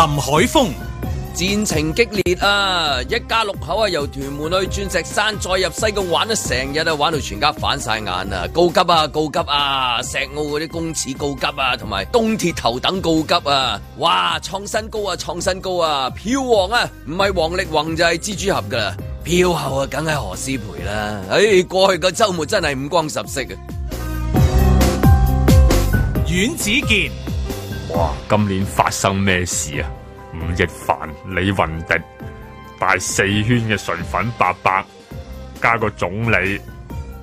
林海峰，戰情激烈啊！一家六口啊，由屯門去鑽石山，再入西貢玩啊，成日啊玩到全家反曬眼啊！告急啊，告急啊！石澳嗰啲公廁告急啊，同埋東鐵頭等告急啊！哇，創新高啊，創新高啊！票王啊，唔係王力宏就係、是、蜘蛛俠噶啦！票后啊，梗係何詩蓓啦，啊！哎，過去個週末真係五光十色啊！阮子健。哇！今年發生咩事啊？吳亦凡、李雲迪帶四圈嘅純粉白白，加個總理，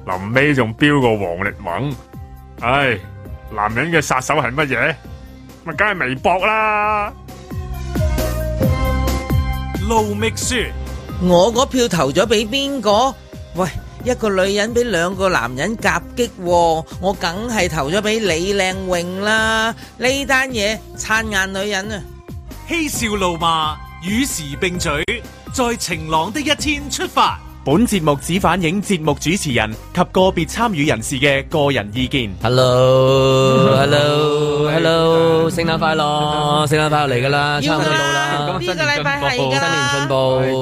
臨尾仲飆個王力宏。唉、哎，男人嘅殺手係乜嘢？咪梗係微博啦。盧覓雪，我嗰票投咗俾邊個？喂？一個女人俾兩個男人夾擊，我梗係投咗俾李靚穎啦！呢單嘢，撐眼女人啊，嬉笑怒罵，與時並舉，在晴朗的一天出發。本節目只反映節目主持人及個別參與人士嘅個人意見。Hello，Hello，Hello，聖誕快樂！聖誕快樂嚟噶啦，差唔多到啦，呢個禮拜係新年進步，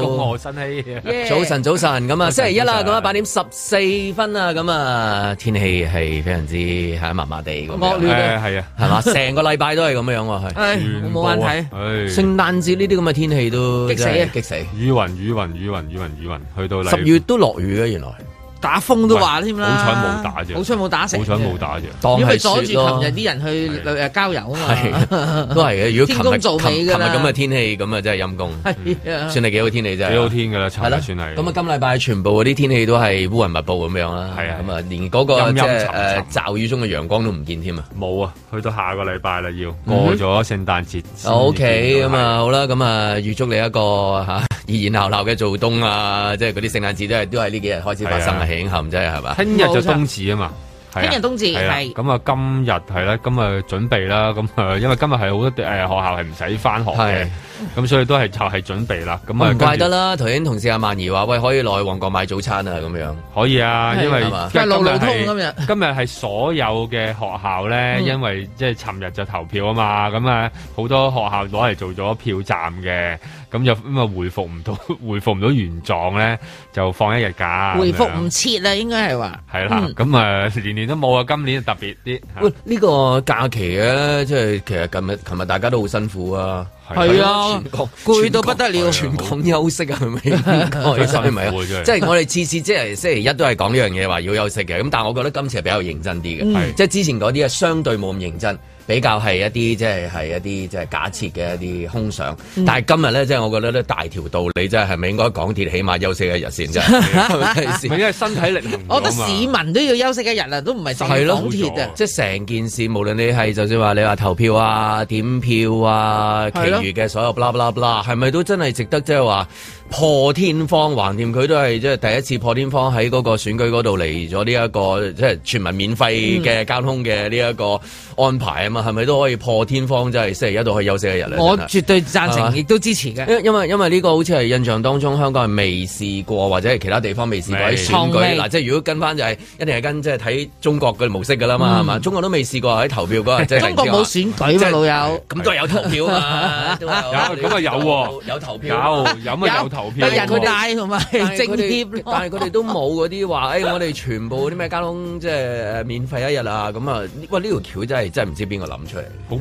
恭賀新禧。早晨，早晨，咁啊，星期一啦，咁啊，八點十四分啊，咁啊，天氣係非常之吓麻麻地咁嘅，係啊，係啊，係嘛，成個禮拜都係咁嘅樣喎，係冇問題。聖誕節呢啲咁嘅天氣都激死啊，激死！雨雲，雨雲，雨雲，雨雲，雨雲，去到嚟。十月都落雨嘅，原來。打風都話添啦，好彩冇打啫，好彩冇打成，好彩冇打啫。如果阻住琴日啲人去誒郊遊啊嘛，都係嘅。如果天公做嘢嘅，琴日咁嘅天氣咁啊，真係陰公，算係幾好天氣啫，幾好天㗎啦，差唔多算係。咁啊，今禮拜全部嗰啲天氣都係烏雲密布咁樣啦，係咁啊，連嗰個即係驟雨中嘅陽光都唔見添啊，冇啊，去到下個禮拜啦要過咗聖誕節。OK 咁啊好啦，咁啊預祝你一個嚇熱熱鬧鬧嘅做冬啊，即係嗰啲聖誕節都係都係呢幾日開始發生。影后唔係嘛？聽日就冬至啊嘛，聽日冬至係咁啊。今日係咧，今日準備啦。咁啊，因為今日係好多誒，學校係唔使返學嘅，咁所以都係就係準備啦。咁啊，唔怪得啦。頭先同事阿曼儀話：，喂，可以落去旺角買早餐啊？咁樣可以啊，因為今日係路路通，今日係所有嘅學校咧，因為即係尋日就投票啊嘛，咁啊，好多學校攞嚟，做咗票站嘅。咁就咁就回復唔到，回復唔到原狀咧，就放一日假。回復唔切啦，應該係話。係啦，咁啊，年年都冇啊，今年特別啲。喂，呢個假期咧，即係其實琴日琴日大家都好辛苦啊。係啊，全國攰到不得了，全港休息係咪？哦，你首先即係我哋次次即係星期一都係講呢樣嘢話要休息嘅，咁但係我覺得今次係比較認真啲嘅，即係之前嗰啲係相對冇咁認真。比較係一啲即係係一啲即係假設嘅一啲空想，但係今日呢，即係我覺得呢，大條道理即係係咪應該港鐵起碼休息一日先啫？唔係因為身體力行？ 我覺得市民都要休息一日啊，都唔係淨係港鐵啊，即係成件事，無論你係就算話你話投票啊、點票啊，其餘嘅所有 bla bla bla，係咪都真係值得即係話破天荒？橫掂佢都係即係第一次破天荒喺嗰個選舉嗰度嚟咗呢一個即係、就是、全民免費嘅交通嘅呢一個安排啊！嗯咪係咪都可以破天荒即係星期一到去休息一日咧？我絕對贊成，亦都支持嘅。因因為因為呢個好似係印象當中香港係未試過，或者係其他地方未試過喺選舉嗱。即係如果跟翻就係一定係跟即係睇中國嘅模式㗎啦嘛係嘛？中國都未試過喺投票嗰日，即係中國冇選舉喎老友，咁都係有投票㗎。咁啊，有有投票有有咪有投票？一日佢帶同埋政協，但係佢哋都冇嗰啲話誒，我哋全部啲咩交通即係免費一日啊！咁啊，喂呢條橋真係真係唔知邊個。諗出嚟，好絕啊！我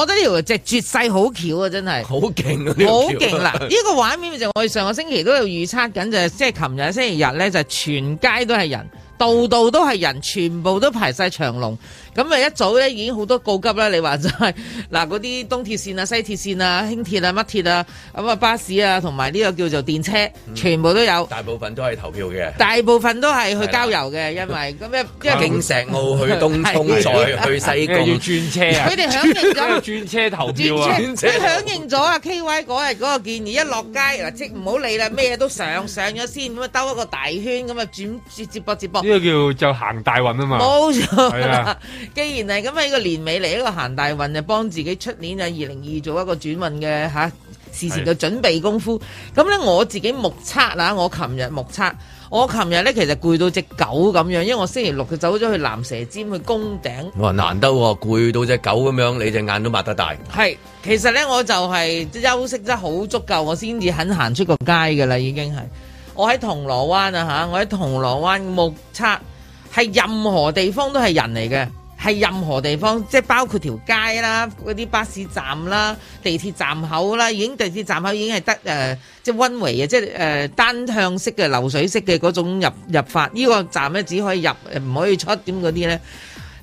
覺得呢條即係絕世好橋啊！真係好勁啊，好勁啦！呢 個畫面就我哋上個星期都有預測緊，就係即係琴日星期日咧，就係，全街都係人。到度都係人，全部都排晒長龍。咁啊，一早咧已經好多告急啦！你話就係嗱，嗰啲東鐵線啊、西鐵線啊、輕鐵啊、乜鐵啊，咁啊巴士啊，同埋呢個叫做電車，全部都有。大部分都係投票嘅。大部分都係去郊遊嘅，因為咁因一景城澳去東湧，再去西貢，要車。佢哋響應咗轉車投票啊！佢響咗啊！KY 嗰日嗰個建議，一落街嗱即唔好理啦，咩嘢都上上咗先，咁啊兜一個大圈，咁啊轉接接駁接駁。呢個叫就行大運啊嘛，冇錯。係、啊、既然係咁喺個年尾嚟一個行大運，就幫自己出年就二零二做一個轉運嘅吓、啊，事前嘅準備功夫。咁咧是我自己目測啦，我琴日目測，我琴日咧其實攰到隻狗咁樣，因為我星期六就走咗去蚺蛇尖去攻頂。哇，難得、啊、攰到隻狗咁樣，你隻眼都擘得大。係，其實咧我就係休息得好足夠，我先至肯行出個街噶啦，已經係。我喺銅鑼灣啊嚇！我喺銅鑼灣目測，係任何地方都係人嚟嘅，係任何地方，即係包括條街啦、嗰啲巴士站啦、地鐵站口啦，已經地鐵站口已經係得誒、呃，即係 one way 啊，即係誒單向式嘅流水式嘅嗰種入入法，呢、呢個站咧只可以入誒，唔可以出咁嗰啲咧。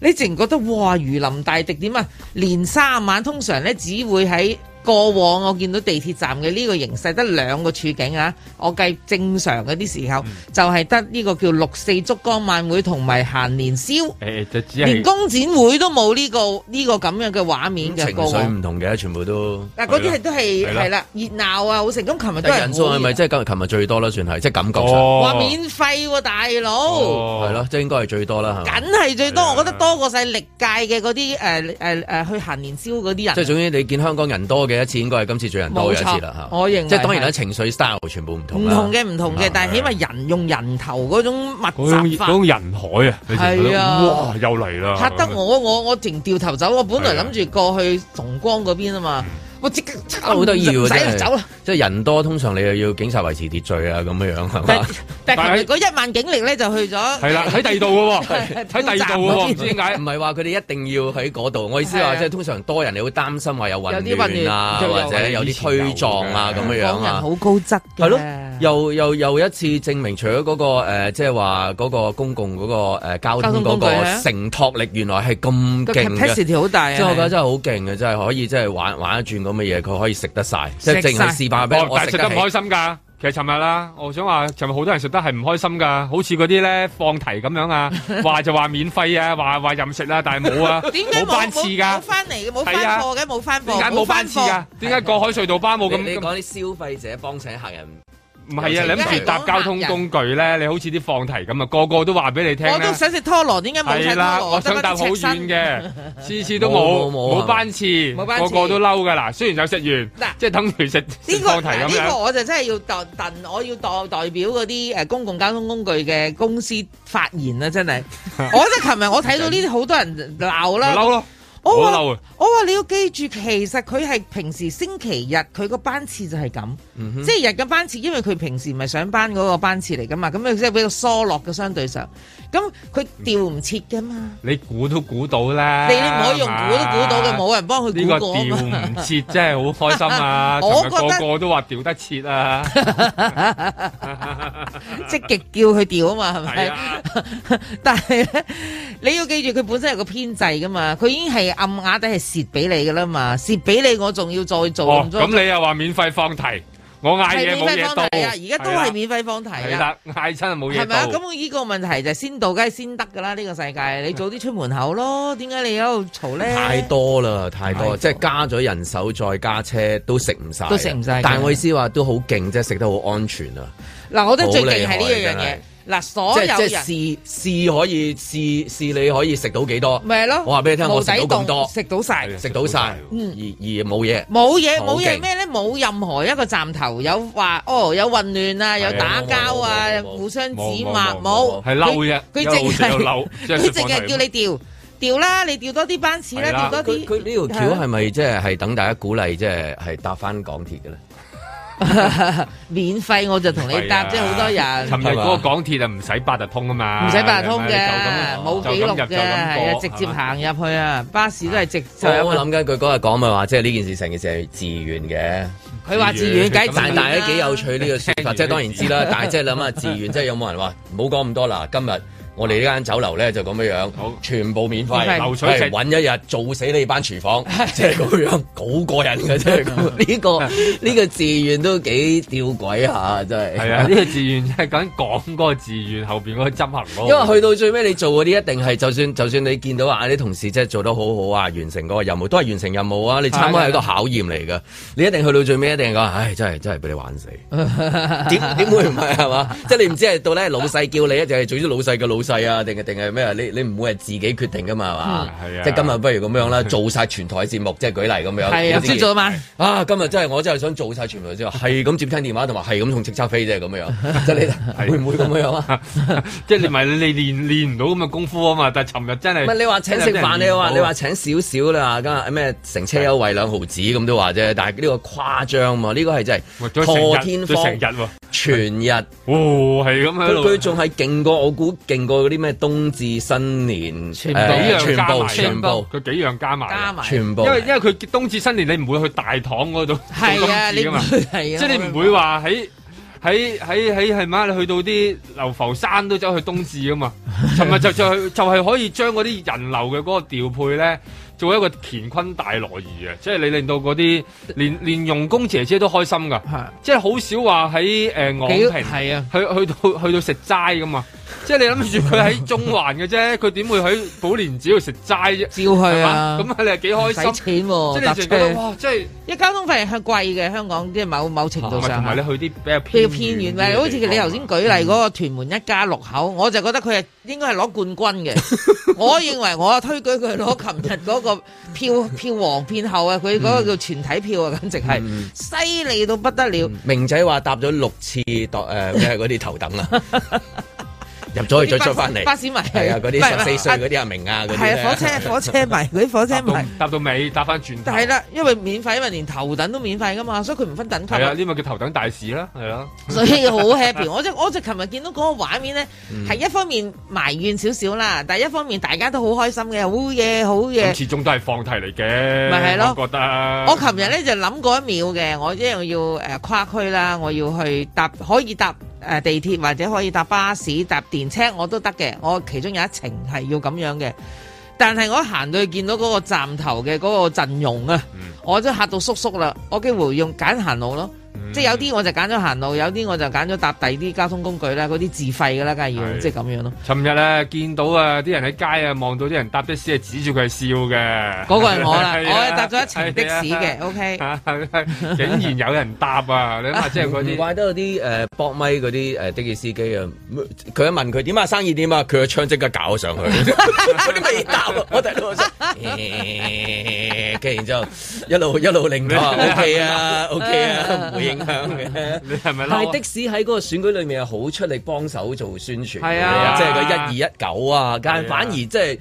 你自然覺得哇，如臨大敵點啊？年三十晚通常咧，只會喺。過往我見到地鐵站嘅呢個形勢得兩個處境啊！我計正常嗰啲時候就係得呢個叫六四燭光晚會同埋行年宵，欸、就只連工展會都冇呢個呢個咁樣嘅畫面嘅水唔同嘅，全部都嗱嗰啲係都係係啦熱鬧啊，好成功。琴日都人，人數係咪即係今日琴日最多啦？算係即係感覺上話、哦、免費喎、啊，大佬係咯，即係應該係最多啦嚇。緊係最多，了我覺得多過晒歷屆嘅嗰啲誒誒誒去行年宵嗰啲人。即係總之你見香港人多嘅。一次應該係今次最人多嘅一次啦嚇，我認同，當然啦，情緒 style 全部唔同啦，唔同嘅唔同嘅，但係起碼人用人頭嗰種密集，嗰種人海啊，係啊，哇，又嚟啦！嚇得我，我我停掉頭走，我本來諗住過去崇光嗰邊啊嘛，我即刻抄對二，唔使走啦，即係人多，通常你又要警察維持秩序啊咁樣樣係但係嗰一萬警力咧就去咗係啦，喺第二度嘅喎，喺第二度喎，唔知點解唔係話佢哋一定要喺嗰度。我意思話即係通常多人你會擔心話有混亂啊，或者有啲推撞啊咁嘅樣啊。香港人好高質嘅係咯，又又又一次證明，除咗嗰個誒，即係話嗰個公共嗰個誒交通嗰個承托力原來係咁勁，capacity 好大啊！真係真係好勁嘅，真係可以即係玩玩一轉咁嘅嘢，佢可以食得晒，即係淨係試下咩，我食得開心㗎。其實尋日啦，我想話尋日好多人食得係唔開心噶，好似嗰啲咧放題咁樣啊，話 就話免費啊，話話任食啊，但係冇啊，點解冇班次噶、啊，冇翻嚟，冇返貨嘅，冇翻貨，點解冇班次㗎、啊？點解過海隧道班冇咁？你講啲消費者幫請客人？唔係啊！你唔搭交通工具咧，你好似啲放題咁啊，個個都話俾你聽。我都想食拖羅，點解冇睇到我？啦，我想搭好遠嘅，次次都冇冇 班次，班次個個都嬲噶啦。雖然就食完，嗱、啊，即係等住食，這個、放題咁呢個呢個我就真係要代我要代代表嗰啲誒公共交通工具嘅公司發言啦、啊，真係。 我覺得琴日我睇到呢啲好多人鬧啦。 我話、哦、我話你要記住，其實佢係平時星期日佢個班次就係咁，嗯、哼即係日嘅班次，因為佢平時唔係上班嗰個班次嚟噶嘛，咁即係比較疏落嘅相對上，咁佢調唔切噶嘛？你估都估到啦，你唔可以用估都估到嘅，冇吧人幫佢估。呢個調唔切真係好開心啊！我覺得個個都話調得切啊，積 極 叫佢調啊嘛，係咪？是啊、 但係咧，你要記住佢本身有個編制噶嘛，佢已經係。暗啞底係蝕俾你噶啦嘛，蝕俾你我仲要再做，咁、哦、你又話免費放題，我嗌嘢，冇嘢啊，而家都係免費放題啊，嗌親冇嘢。係咪啊？咁呢了個問題就先到梗係先得噶啦，呢、這個世界你早啲出門口咯，點解你喺度嘈咧？太多啦，太多，太多即係加咗人手再加車都食唔晒，都食唔晒。但係我意思話都好勁，即係食得好安全啊。嗱，我覺得最勁係呢一樣嘢。嗱，所有人試試可以試試你可以食到幾多？咪係咯，我話俾你聽，我食到咁多，食到晒，食到晒，而而冇嘢，冇嘢冇嘢咩咧？冇任何一個站頭有話哦，有混亂啊，有打交啊，互相指罵冇，係嬲啫，佢淨係，佢淨係叫你調調啦，你調多啲班次啦，調多啲。佢呢條橋係咪即係係等大家鼓勵即係係搭翻港鐵嘅咧？免費我就同你搭，即係好多人。尋日嗰個港鐵啊，唔使八達通啊嘛，唔使八達通嘅，冇記錄嘅，直接行入去啊。巴士都係直接。我諗緊佢嗰日講咪話，即係呢件事成件事係自願嘅。佢話自願，但係都幾有趣呢個說法，即係當然知啦。但係即係諗下自願，即係有冇人話？唔好講咁多啦，今日。我哋呢間酒樓咧就咁樣好全部免費，揾一日做死你班廚房，即係咁樣好過癮嘅啫。呢個呢、呢個志、 呢個呢個、願都幾吊鬼下、啊，真係。係啊，呢、呢個志願係 講緊講嗰個志願後邊嗰個執行咯。因為去到最尾你做嗰啲一定係，就算就算你見到啊啲同事即係做得好好啊，完成嗰個任務都係完成任務啊。你參加係一個考驗嚟㗎， 你一定去到最尾一定講，唉，真係真係俾你玩死。點點 會唔係係嘛？ 即係你唔知係到咧老細叫你，定係做啲老細嘅老細啊？定係定係咩啊？你你唔會係自己決定噶嘛？係嘛？係啊！即係今日不如咁樣啦，做晒全台節目，即係舉例咁樣。係先做啊嘛！啊，今日真係我真係想做晒全台節目，係咁接聽電話，同埋係咁同直差飛啫，咁樣。即係你，會唔會咁樣啊？即係你咪你練練唔到咁嘅功夫啊嘛！但係尋日真係唔係你話請食飯，你話你話請少少啦，咁啊咩？乘車優惠兩毫子咁都話啫，但係呢個誇張嘛？呢個係真係破天荒，成日全日哦，係咁佢仲係勁過我估勁過。嗰啲咩冬至新年，全部全部佢幾樣加埋，全部。因為的因為佢冬至新年，你唔會去大堂嗰度做冬至噶嘛，係啊，你係啊，即係你唔會話喺喺喺喺係咪，你去到啲流浮山都走去冬至噶嘛。尋日 就再去，就係、就是、可以將嗰啲人流嘅嗰個調配咧，做一個乾坤大挪移嘅，即係你令到嗰啲連連傭工姐姐都開心噶，的即係好少話喺誒，昂、呃、坪係啊的，去去到去到食齋噶嘛。即係你諗住佢喺中環嘅啫，佢點會喺寶蓮寺度食齋啫？照去啊！咁你係幾開心？使錢即係你成日覺得哇！即係一交通費係貴嘅，香港即係某某程度上唔係你去啲比較偏偏遠咪？好似你頭先舉例嗰個屯門一家六口，我就覺得佢係應該係攞冠軍嘅。我認為我推舉佢攞琴日嗰個票票王片后啊，佢嗰個叫全體票啊，簡直係犀利到不得了。明仔話搭咗六次搭誒，係嗰啲頭等啊！入咗去再出翻嚟，巴士迷係啊，嗰啲十四歲嗰啲啊明啊，嗰啲係啊火車火車迷，啲火車迷搭到尾搭翻轉頭係啦，因為免費，因為連頭等都免費噶嘛所以佢唔分等級。係啊，呢個叫頭等大事啦，係咯。所以好 happy，我即我即琴日見到嗰個畫面咧，係一方面埋怨少少啦，但係一方面大家都好開心嘅，好嘢好嘢。始終都係放題嚟嘅，咪係咯？我覺得我琴日咧就諗過一秒嘅，我一樣要誒跨區啦，我要去搭可以搭。誒地鐵或者可以搭巴士，搭電車我都得嘅，我其中有一程係要咁樣嘅，但係我行到去見到嗰個站頭嘅嗰個陣容啊，我都嚇到縮縮啦，我幾乎用揀行路咯。嗯、即係有啲我就揀咗行路，有啲我就揀咗搭第二啲交通工具啦，嗰啲自費噶啦，梗係要，是即係咁樣咯。尋日啊，見到啊，啲人喺街啊，望到啲人搭的士 啊，指住佢笑嘅。嗰個係我啦，我搭咗一程的士嘅。啊、O K。竟然有人搭啊！ 你話即係佢啲，怪得有啲誒搏咪嗰啲誒的士、呃、司機啊。佢一問佢點啊生意點啊，佢個槍即刻搞上去。嗰啲搭道，我哋。跟住就一路一路令。O K 啊，O K 啊。影響嘅你係咪？但係的士喺嗰個選舉裏面係好出力幫手做宣傳，係啊，即係個一二一九啊，但係反而即係。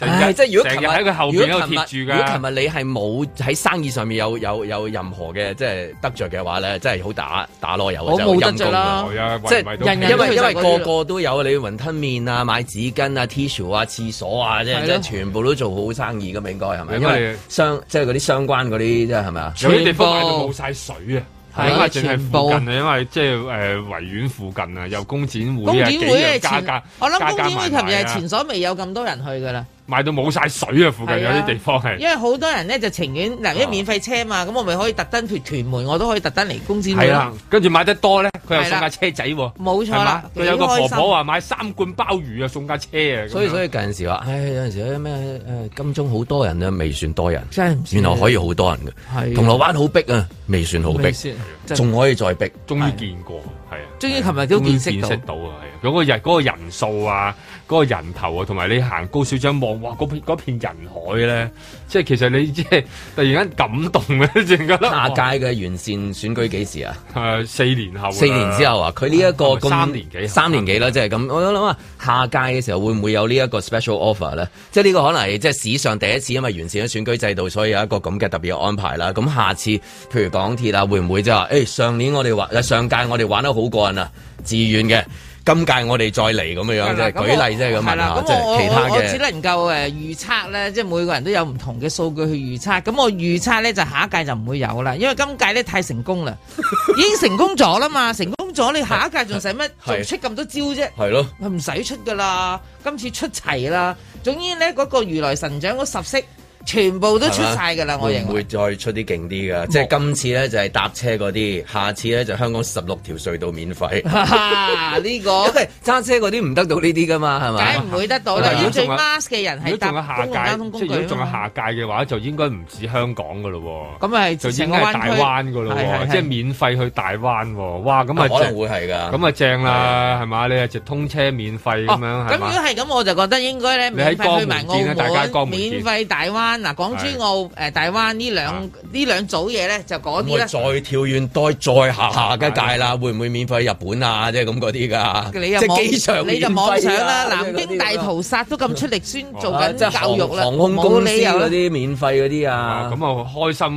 即係如果琴日喺佢後面有貼住，如果琴日你係冇喺生意上面有有有任何嘅即係得著嘅話咧，真係好打打耐油，我冇得著啦，即因為因為個個都有，你雲吞麵啊、買紙巾啊、Tissue 啊、廁所啊，即係全部都做好生意噶，應該係咪？因為相即係嗰啲相關嗰啲即係係咪啊？有啲地方冇晒水啊！係啊，全部因為即係誒維園附近啊，又工展會啊，幾樣加加，我諗工展會琴日係前所未有咁多人去噶啦。買到冇晒水啊！附近有啲地方係。因為好多人咧就情願嗱，因為免費車嘛，咁我咪可以特登脫屯門，我都可以特登嚟公司。係啦，跟住買得多咧，佢又送架車仔。冇錯啦，佢有個婆婆話買三罐鮑魚啊，送架車啊。所以所以有陣時話，唉，有陣時咩誒？金鐘好多人啊，未算多人，原來可以好多人嘅。銅鑼灣好逼啊，未算好逼，仲可以再逼。終於見過，係啊。終於琴日都見識到啊，係啊。嗰個日嗰個人數啊。嗰個人頭啊，同埋你行高少少望，哇！嗰片片人海咧，即係其實你即係突然間感動咧，突然間下屆嘅完善選舉幾時啊？呃，四年後，四年之後啊，佢呢一個哇更三年幾三年幾啦，即係咁。我諗啊，下屆嘅時候會唔會有呢一個 special offer 咧？即係呢個可能係即係史上第一次，因為完善咗選舉制度，所以有一個咁嘅特別安排啦。咁下次譬如港鐵啊，會唔會即係話誒？上年我哋玩，上屆我哋玩得好過癮啊，自願嘅。今屆我哋再嚟咁樣樣啫，舉例啫咁啊吓，即係其他嘅，我只能夠誒預測咧，即係每個人都有唔同嘅數據去預測。咁我預測咧就下一屆就唔會有啦，因為今屆咧太成功啦，已經成功咗啦嘛，成功咗你下一屆仲使乜仲出咁多招啫？係咯，唔使出噶啦，今次出齊啦。總之咧，嗰個如來神掌嗰十式。全部都出晒㗎喇，我認為，會唔會再出啲勁啲㗎，即係今次呢就係搭車嗰啲，下次呢就香港十六條隧道免費。呢個揸車嗰啲唔得到呢啲㗎嘛，係咪？梗係唔會得到啦。如果最 mask 嘅人係搭公共交通工具，如果仲有下屆嘅話，就應該唔止香港㗎喇喎。咁係，就應該係大灣喇喎，即係免費去大灣。哇，咁啊可能會係㗎。咁啊正啦，係咪？你係直通車免費咁樣，咁如果係咁，我就覺得應該呢，免費免費嗱，港珠澳、誒大灣呢兩呢兩組嘢咧，就嗰啲啦。再跳遠，再再下下一屆啦，會唔會免費去日本啊？即係咁嗰啲噶。即機場，你就網上啦。南京大屠殺都咁出力宣做緊教育啦，冇理由嗰啲免費嗰啲啊。咁啊，開心！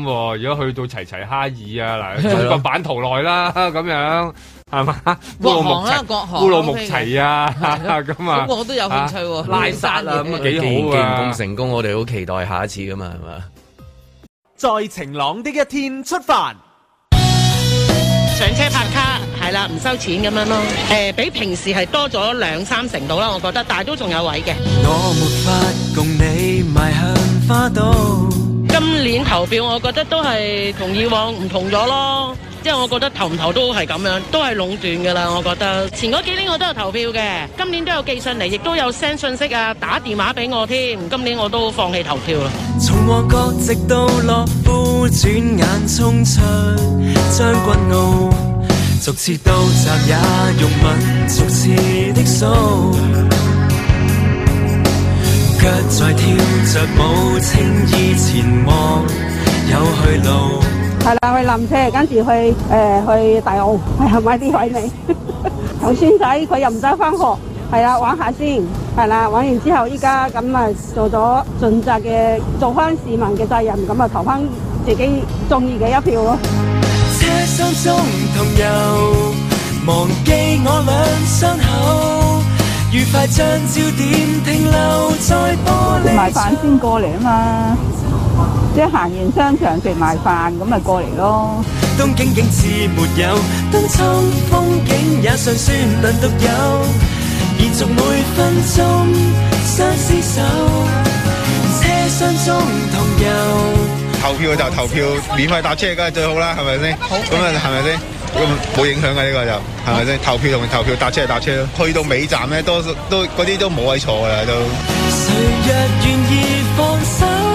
如果去到齊齊哈爾啊，嗱，中國版圖內啦，咁樣。係嘛？國王啦，國王，烏魯木齊啊！咁啊，咁我都有興趣，拉薩啦，咁啊，幾好啊，咁成功，我哋好期待下一次噶嘛，係嘛？在晴朗的一天出發，上車拍卡，係啦，唔收錢咁樣咯。誒，比平時係多咗兩三成度啦，我覺得，但係都仲有位嘅。我沒法共你邁向花都。今年投票，我覺得都係同以往唔同咗咯。即係我覺得投唔投都係咁樣，都係壟斷嘅啦。我覺得前嗰幾年我都有投票嘅，今年都有寄信嚟，亦都有 send 信息啊，打電話俾我添。今年我都放棄投票啦。從旺角直到樂富，轉眼衝出將軍澳，逐次到站也擁吻，逐次的數，腳在跳著舞，青衣前望有去路。係啦，去淋車，跟住去誒去大澳，係啊，買啲海味。頭先仔佢又唔使翻學，係啦，玩下先，係啦，玩完之後依家咁啊做咗盡責嘅做翻市民嘅責任，咁啊投翻自己中意嘅一票咯。食埋飯先過嚟啊嘛。即係行完商場食埋飯咁咪過嚟咯。投票就投票，免費搭車梗係最好啦，係咪先？好咁啊，係咪先？咁冇影響噶呢個就係咪先？投票同投票搭車就搭車咯。去到尾站咧，多數都嗰啲都冇位坐噶啦都。誰若願意放手。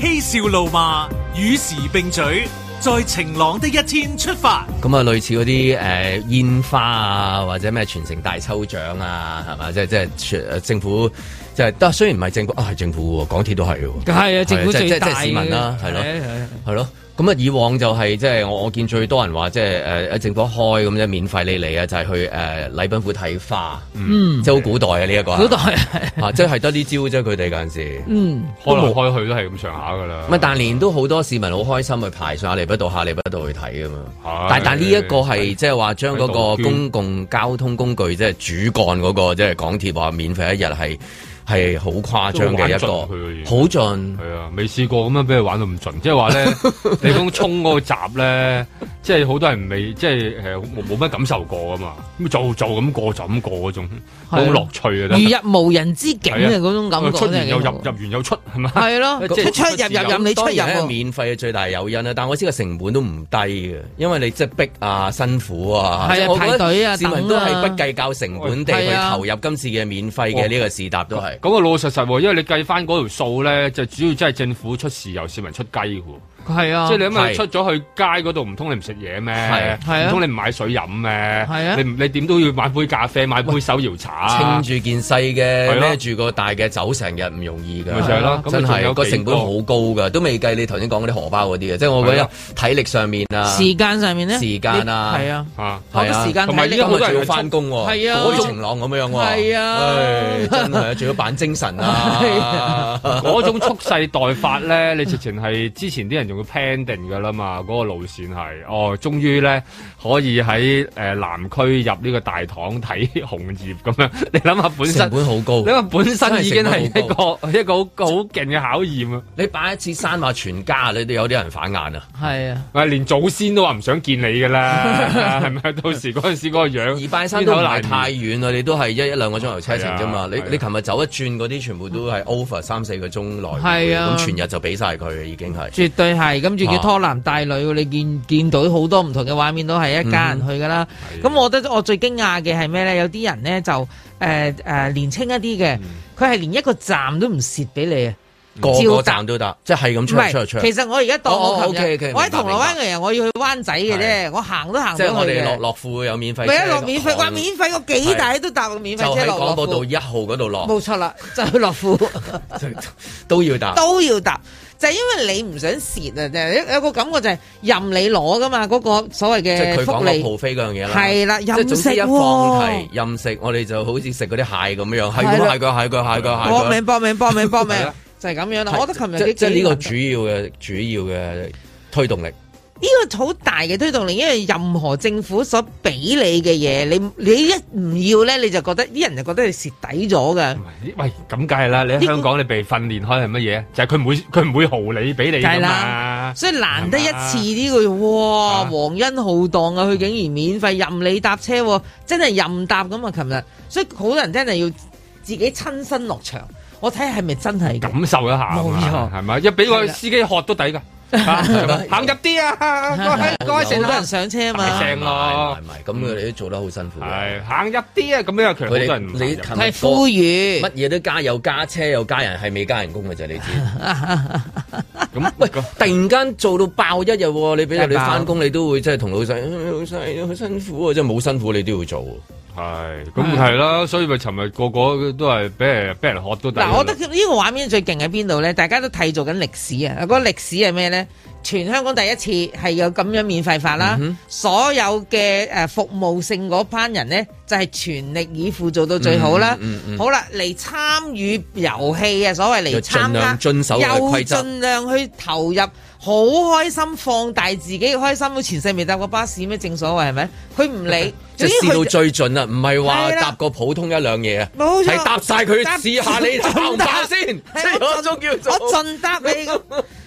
嬉笑怒罵，與時並嘴，在晴朗的一天出發。咁啊，類似嗰啲誒煙花啊，或者咩全城大抽獎啊，係嘛？即係即係，政府就係、是，但雖然唔係政府，啊係政府嘅，港鐵都係嘅。係啊，啊政府最大，係咯、就是市民啦，係、就、咯、是啊。咁啊，以往就係即係我我見最多人話即係誒政府開咁即免費你嚟啊，就係去誒禮賓府睇花，嗯，即係好古代啊呢一個、這個，古代呀，即係得啲招啫，佢哋嗰陣時，嗯，開唔開去都係咁上下噶啦。咁但年連都好多市民好開心去排上嚟不到下嚟不到去睇㗎嘛。但但呢一個係即係話將嗰個公共交通工具即係主幹嗰、那個即係港鐵話免費一日係。係好誇張嘅一個，好盡係啊，未試盡過咁樣俾佢玩到唔盡，即係話咧，你咁衝嗰個閘咧。即係好多人未，即係誒冇冇乜感受過啊嘛，咁做做咁過就咁過嗰種，冇樂趣啊！如入無人之境嘅嗰種感覺嚟嘅。又入，入完又出，係咪？係咯，出出入入入你出入。當然係免費嘅最大誘因啦，但係我知個成本都唔低嘅，因為你即係逼啊、辛苦啊，係啊、排隊啊，市民都係不計較成本地去投入今次嘅免費嘅呢個試搭都係。咁啊老實實喎，因為你計翻嗰條數咧，就主要真係政府出豉油，市民出雞喎。係啊，即係你咁出咗去街嗰度，唔通你唔食嘢咩？啊，唔通你唔買水飲咩？你啊，你點都要買杯咖啡，買杯手搖茶，拎住件細嘅，孭住個大嘅走成日唔容易嘅，咪就係咯，真係個成本好高㗎，都未計你頭先講嗰啲荷包嗰啲嘅，即係我覺得體力上面啊，時間上面咧，時間啊，係啊，係啊，同埋今日仲要翻工喎，係啊，嗰種晴朗咁樣喎，係啊，真係仲要扮精神啊，嗰種蓄勢待發咧，你直情係之前啲人用。pending 嘅啦嘛，嗰個路線係哦，終於咧可以喺誒南區入呢個大堂睇紅葉咁樣。你諗下本身本好高，你話本身已經係一個一個好好勁嘅考驗啊！你拜一次山話全家，你哋有啲人反眼啊，係啊，連祖先都話唔想見你噶啦，係咪？ 到時嗰陣時嗰個樣而拜山頭又唔係太遠啊，你都係一一兩個鐘頭車程啫嘛。你你琴日走一轉嗰啲全部都係 over 三四個鐘內，咁、啊、全日就俾晒佢已經係絕對。係，跟住叫拖男帶女。你見見到好多唔同嘅畫面，都係一家人去㗎啦。咁我覺得我最驚訝嘅係咩咧？有啲人咧就誒誒年輕一啲嘅，佢係連一個站都唔蝕俾你，個個站都搭，即係咁出嚟出出。其實我而家當我喺銅鑼灣嘅人，我要去灣仔嘅啫，我行都行得去嘅。即係我哋落落庫有免費，唔一落免費，話免費我幾大都搭免費車落到到一號嗰度落，冇錯啦，就去落庫都要搭，都要搭。就係因為你唔想蝕啊，即有個感覺就係任你攞噶嘛，嗰個所謂嘅福利。即係佢講到鋪飛嗰樣嘢啦。係啦，任食。總之一放題，任食。我哋就好似食嗰啲蟹咁樣係個蟹腳，蟹腳，蟹腳，蟹腳。搏命，搏命，搏命，搏命，就係咁樣啦。我覺得琴日即係呢個主要嘅主要嘅推動力，呢個好大嘅推動力，因為任何政府所俾你嘅嘢，你你一唔要咧，你就覺得啲人就覺得你蝕底咗噶。喂，咁梗係啦！你喺香港，這個、你被訓練開係乜嘢？就係、是、佢唔會佢唔會豪你俾你的。係啦，所以難得一次呢個吧哇，皇恩浩蕩啊！佢竟然免費任你搭車，真係任搭咁啊！琴日、嗯，所以好多人真係要自己親身落場，我睇下係咪真係感受一下啊？係咪一俾個司機喝都抵噶？ 行入啲啊！各成 多人上車啊嘛，正咯，係咪？咁佢哋都做得好辛苦。係行入啲啊！咁樣啊，強人，你係呼籲乜嘢都加，有加車有加人，係未加人工嘅啫，你知？咁 那喂， 突然間做到爆一日，你比如你返工，你都會真係同老細，老細好辛苦啊，即係冇辛苦你都要做。係，咁係啦，唉所以咪尋日個個都係俾人俾人學到。嗱，我覺得呢個畫面最勁喺邊度咧？大家都睇做緊歷史啊！個歷史係咩咧？全香港第一次係有咁樣免費法啦，嗯、哼所有嘅誒服務性嗰班人咧就係、是、全力以赴做到最好啦。嗯嗯嗯、好啦，嚟參與遊戲啊，所謂嚟參加，又盡量，量去投入。好開心放大自己開心，我前世未搭過巴士咩？正所謂係咪？佢唔理，即係試到最盡啊！唔係話搭個普通一兩嘢啊，冇錯，係搭晒佢試下你搭唔搭先？即係嗰種叫做我盡搭你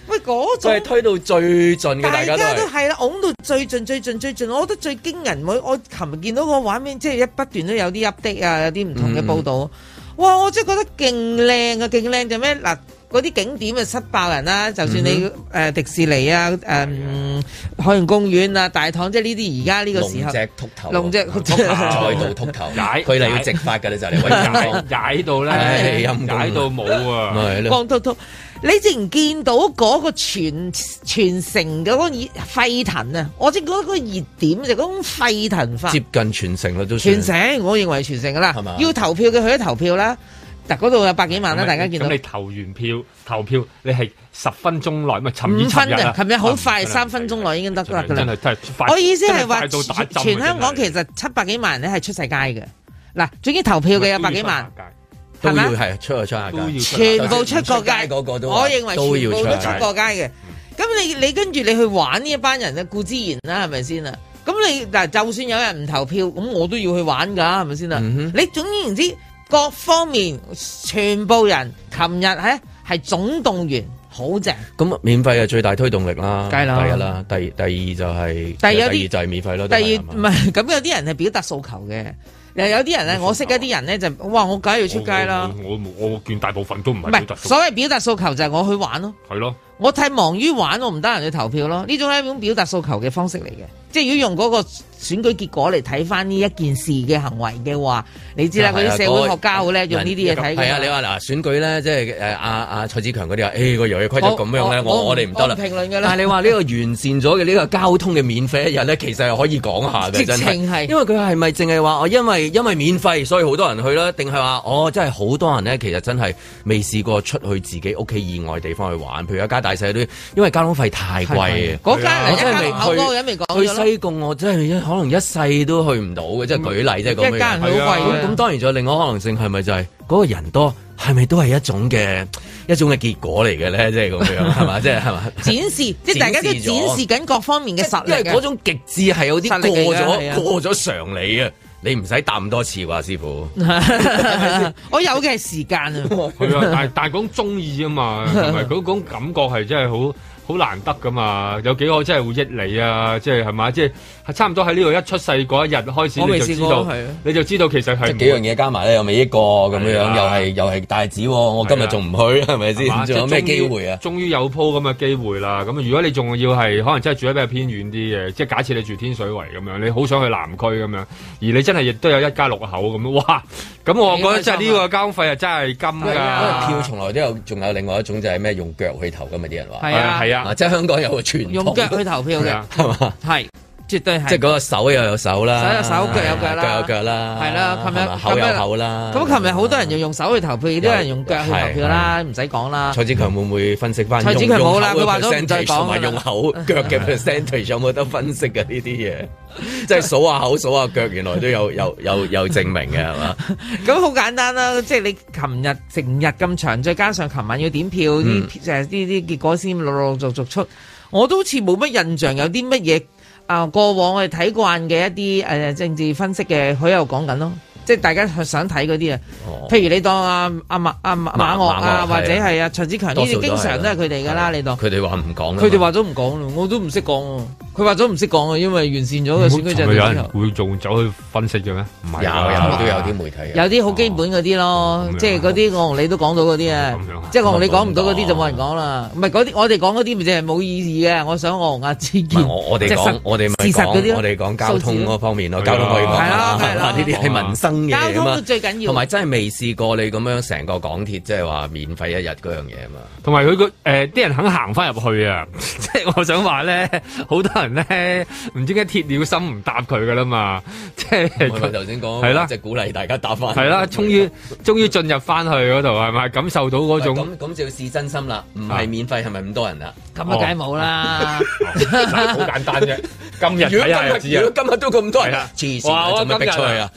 喂嗰種。佢係推到最盡嘅，大家都係啦，拱到最盡最盡最盡。我覺得最驚人，我我琴日見到個畫面，即係一不斷都有啲 update 啊，有啲唔同嘅報道。哇！我真係覺得勁靚啊，勁靚就咩嗱？嗰啲景點啊，失爆人啦！就算你誒迪士尼啊、誒海洋公園啊、大棠，即係呢啲而家呢個時候，龍隻禿頭，龍隻禿頭，解頭，佢哋要直發㗎啦！就嚟解，解到咧，解到冇啊。光禿禿。你即係見到嗰個全城嘅嗰個熱沸騰啊！我即係嗰個熱點就嗰種沸騰法，接近全城啦都。全城，我認為全城㗎啦。要投票嘅佢都投票啦。嗱，嗰度有百幾萬啦，大家見到咁，你投完票，投票你係十分鐘內，咪係尋日尋日好快，三分鐘內已經得啦噶啦。我意思係話，全香港其實七百幾萬人咧係出晒街嘅。嗱，總之投票嘅有百幾萬，都咪係出出下街，全部出過街。我認為全部都出過街嘅。咁你你跟住你去玩呢一班人咧，顧之言啦，係咪先啦？咁你嗱，就算有人唔投票，咁我都要去玩噶，係咪先啦？你總然之。各方面全部人，琴日喺係總動員，好正。咁免費係最大推動力啦，係啦，第一啦，第二第二就係，第二就係、是、免費咯。第二唔係咁，有啲人係表達訴求嘅，又有啲人咧，我識一啲人咧就，哇！我梗係要出街啦。我我，我，我見大部分都唔係。所謂表達訴求就係我去玩咯，係咯的。我太忙於玩，我唔得閒去投票咯。呢種係一種表達訴求嘅方式嚟嘅，即係如果用嗰、那個。選舉結果嚟睇翻呢一件事嘅行為嘅話，你知啦，嗰啲的社會學家好叻用呢啲嘢睇。係、那個、啊，你話嗱選舉咧，即係誒阿阿蔡子強嗰啲話，誒個遊戲規則咁樣咧，哦、我我哋唔得啦。評論嘅咧，但係你話呢個完善咗嘅呢個交通嘅免費一日咧，其實係可以講下嘅，真係。因為佢係咪淨係話我因為因為免費，所以好多人去啦？定係話我真係好多人咧，其實真係未試過出去自己屋企以外地方去玩。譬如一家大細都，因為交通費太貴嗰家人一家唔去。口口去西貢我真係可能一世都去唔到嘅，即係舉例，即係咁樣。一家人去。咁當然仲有另外可能性，係咪就係嗰個人多，係咪都係一種嘅一種嘅結果嚟嘅咧？即係咁樣，係嘛？即係係嘛？展示即係大家都展示緊各方面嘅實力。因為嗰種極致係有啲過咗過咗常理啊！你唔使答咁多次啩，師傅。我有嘅係時間啊。係啊，但但講中意啊嘛，唔係，嗰種感覺係真係好。好難得噶嘛，有幾可真係會益你啊！即係係嘛，即係差唔多喺呢度一出世嗰一日開始，你就知道，的你就知道其實係幾樣嘢加埋咧又未益過咁樣，又係又係大子、啊，我今日仲唔去係咪先？仲有咩機會啊？終於，終於有鋪咁嘅機會啦！咁如果你仲要係可能真係住得比較偏遠啲嘅，即係假設你住天水圍咁樣，你好想去南區咁樣，而你真係亦都有一家六口咁，哇！咁我覺得真係呢個交費啊，真係金噶！票從來都有，仲有另外一種就係咩用腳去投噶嘛？啲人話係啊係啊。啊！即係香港有個傳統，用腳去投票嘅，係嘛吧？係。絕對係，即係嗰個手又有手啦，手有手，腳有腳啦，腳有腳啦，係啦。口有口啦。咁琴日好多人要用手去投票，亦都有人用腳去投票啦，唔使講啦。蔡子強會唔會分析翻？蔡子強冇啦，佢話咗再講。用口腳嘅 percentage 有冇得分析嘅呢啲嘢？即係數下口，數下腳，原來都有有有有證明嘅係嘛？咁好簡單啦，即係你琴日成日咁長，再加上琴晚要點票，啲成啲啲結果先陸陸續續出，我都好似冇乜印象有啲乜嘢。啊！過往我哋睇慣嘅一啲政治分析嘅，佢又講緊咯，即大家想睇嗰啲啊。哦、譬如你當阿阿馬阿啊，啊啊啊馬嶽或者係啊,是啊蔡子強呢啲，經常都係佢哋㗎啦。啊啊、你當佢哋話唔講，佢哋話都唔講咯，我都唔識講。佢話咗唔識講啊，因為完善咗嘅選舉制度。會做走去分析嘅咩？有有都有啲媒體，有啲好基本嗰啲咯，即係嗰啲我同你都講到嗰啲啊。即係我同你講唔到嗰啲就冇人講啦。唔係嗰啲我哋講嗰啲咪就係冇意義嘅。我想我同阿志堅，即我哋我哋講交通嗰方面咯，交通可以講。係咯係咯，呢啲係民生嘢啊嘛。交通最緊要，同埋真係未試過你咁樣成個港鐵即係話免費一日嗰樣嘢啊嘛。同埋佢個啲人肯行返入去啊，即係我想話咧，好多。咧唔知點解鐵了心唔答佢噶啦嘛，即係佢頭先講係啦，即係鼓勵大家答翻，係啦，終於終於進入翻去嗰度係咪感受到嗰種咁咁就要試真心啦，唔係免費係咪咁多人啊？今日梗係冇啦，好簡單啫。今日如果今日都咁多人，痴線啊，真逼出嚟啊！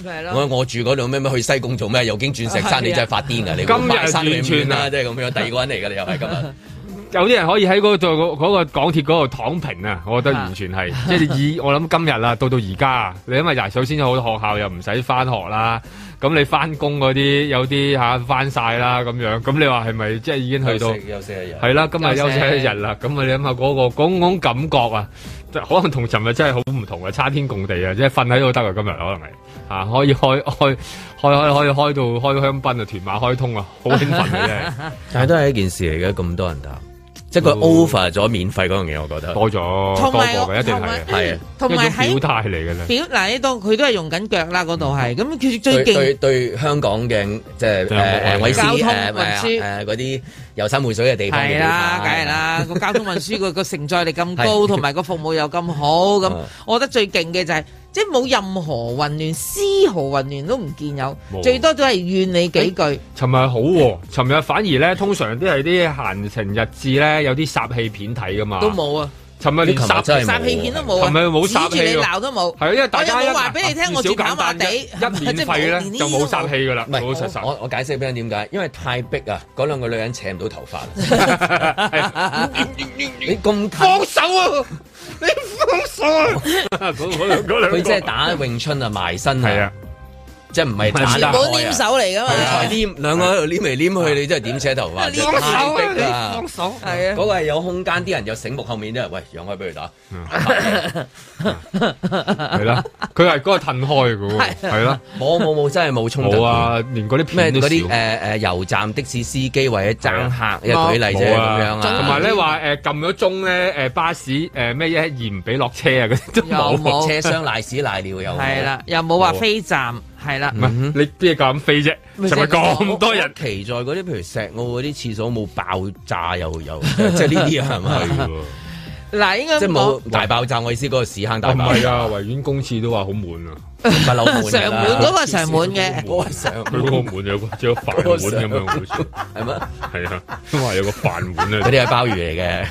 我住嗰度咩咩去西貢做咩？又經鑽石山，你真係發癲啊！你今日完全啊，即係咁樣，第二個人嚟噶，你又係今日。有啲人可以喺嗰度嗰個港鐵嗰度躺平啊！我覺得完全係、啊、 即係以我諗今日啦、啊，到到而家啊，你因為就首先有好多學校又唔使翻學啦，咁你、啊、翻工嗰啲有啲嚇翻晒啦咁樣，咁你話係咪即係已經去到休息，休息一日？係啦，今日休息一日啦，咁啊息你諗下嗰個嗰種、那個那個、感覺啊，可能同尋日真係好唔同啊，差天共地啊！即係瞓喺度得啊，今日可能係、啊、可以開開開開可以開到開香檳啊，屯馬開通啊，好興奮嘅、啊、 但係都係一件事嚟嘅，咁多人即係佢 offer 咗免費嗰樣嘢，我覺得多咗，多過嘅同埋係一種表態嚟嘅咧。表嗱，呢度佢都係用緊腳啦，嗰度係咁，其實最勁。對對香港嘅即係誒交通運輸誒嗰啲遊山玩水嘅地方係啦，梗係啦個 交通運輸個個承載力咁高，同埋個服務又咁好，咁我覺得最勁嘅就係、是。即係冇任何混亂，絲毫混亂都唔見有，有最多都係怨你幾句。尋日好啊，尋日反而咧， 通常都係啲閒情日誌咧，有啲殺氣片睇噶嘛。都冇啊。係咪連殺氣都冇？係咪冇殺氣？指住你鬧都冇。係啊，因為大家一啲小搞單地一二廢就冇殺氣噶啦。我我解釋俾你點解，因為太逼啊，嗰兩個女人扯唔到頭髮啦。你放手啊！你放手啊！佢真係打詠春啊，埋身係啊。即係唔係打？冇黏手嚟噶嘛？兩個喺度黏嚟黏去，你真係點寫頭髮？放手啊！手係啊！嗰個係有空間，啲人有醒目後面都係喂讓開俾佢打係啦。佢係嗰個褪開噶喎，係啦。冇冇冇，真係冇衝到啊！連嗰啲咩嗰啲誒誒油站的士司機或者爭客嘅舉例啫咁樣啊！同埋咧話誒撳咗鐘咧誒巴士誒咩嘢而唔俾落車啊？冇冇車廂瀨屎瀨尿又係啦，又冇話飛站。係啦，唔係、嗯、哼你邊度咁飛啫？係咪咁多人奇在嗰啲？譬如石澳嗰啲廁所冇爆炸又有，有有 即係呢啲係咪？嗱，應該即係冇大爆炸，哇我意思嗰個屎坑大唔係、哦、啊，維園公廁都話好滿啊。唔係上門嗰個係上門嘅，佢嗰個門有個只有飯碗咁樣好似，係咩？係啊，都話有個飯碗啊。佢啲係鮑魚嚟嘅，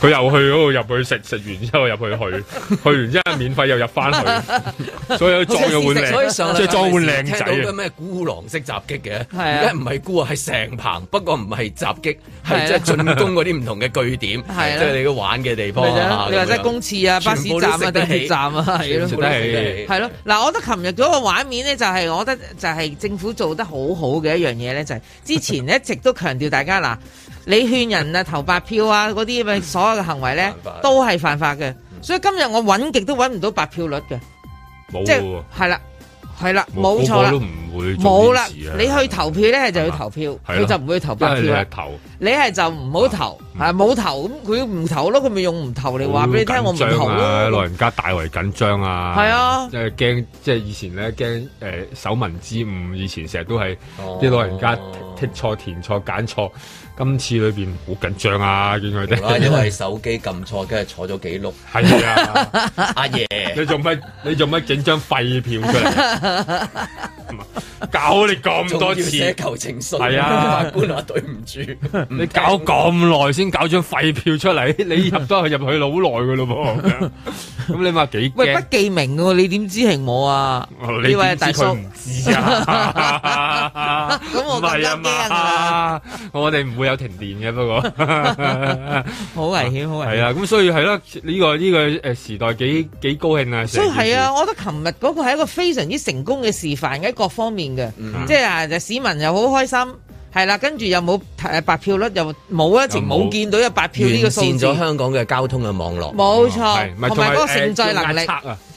佢又去嗰度入去食，食完之後入去去，去完之後免費又入翻去，所以裝咗碗靚，即係裝碗靚仔啊！咩孤狼式襲擊嘅？而家唔係孤，係成棚，不過唔係襲擊，係即係進攻嗰啲唔同嘅據點，係啊，即係你嘅玩嘅地方，你話即係公廁啊、巴士站啊、地鐵站啊，係咯，係咯。嗱，我覺得琴日嗰個畫面呢，就係我覺得就係政府做得好好嘅一樣嘢呢，就係之前一直都強調大家嗱， 你勸人啊投白票啊嗰啲嘅所有嘅行為呢，都係犯法嘅，所以今日我揾極都揾唔到白票率嘅，即係啦。就係係啦，冇錯啦，冇啦，你去投票咧係就去投票，佢、啊、就唔會投白票。你係就唔好投，係冇投咁佢唔投咯，佢咪用唔投嚟話俾你聽我唔投咯。老人家大為緊張啊！係啊，即係驚即係以前咧驚誒手民之誤，以前成日都係啲、啊、老人家剔錯填錯揀錯。今次裏邊好緊張啊！見佢哋，因為手機撳錯，跟住坐咗幾碌。係啊，阿爺， 你做乜？你做乜整張廢票出嚟啊？搞你咁多次，寫求情信係啊，法官啊，對唔住，你搞咁耐先搞張廢票出嚟，你入都係入去好耐噶咯，咁你話幾驚？喂，不記名嘅，你點知係我啊？呢位大叔唔知啊？咁我更加驚啦。我哋唔會有停電嘅，不過好危險，好危險。係啊，咁所以係咯，呢個呢個誒時代幾幾高興啊！所以係啊，我覺得琴日嗰個係一個非常之成功嘅示範嘅一個。各方面嘅，嗯、即係市民又好開心，係啦，跟住又冇誒，白票率又冇一直冇見到有白票呢個數字，完善咗香港嘅交通嘅網絡，冇錯、嗯，同埋嗰個承載能力，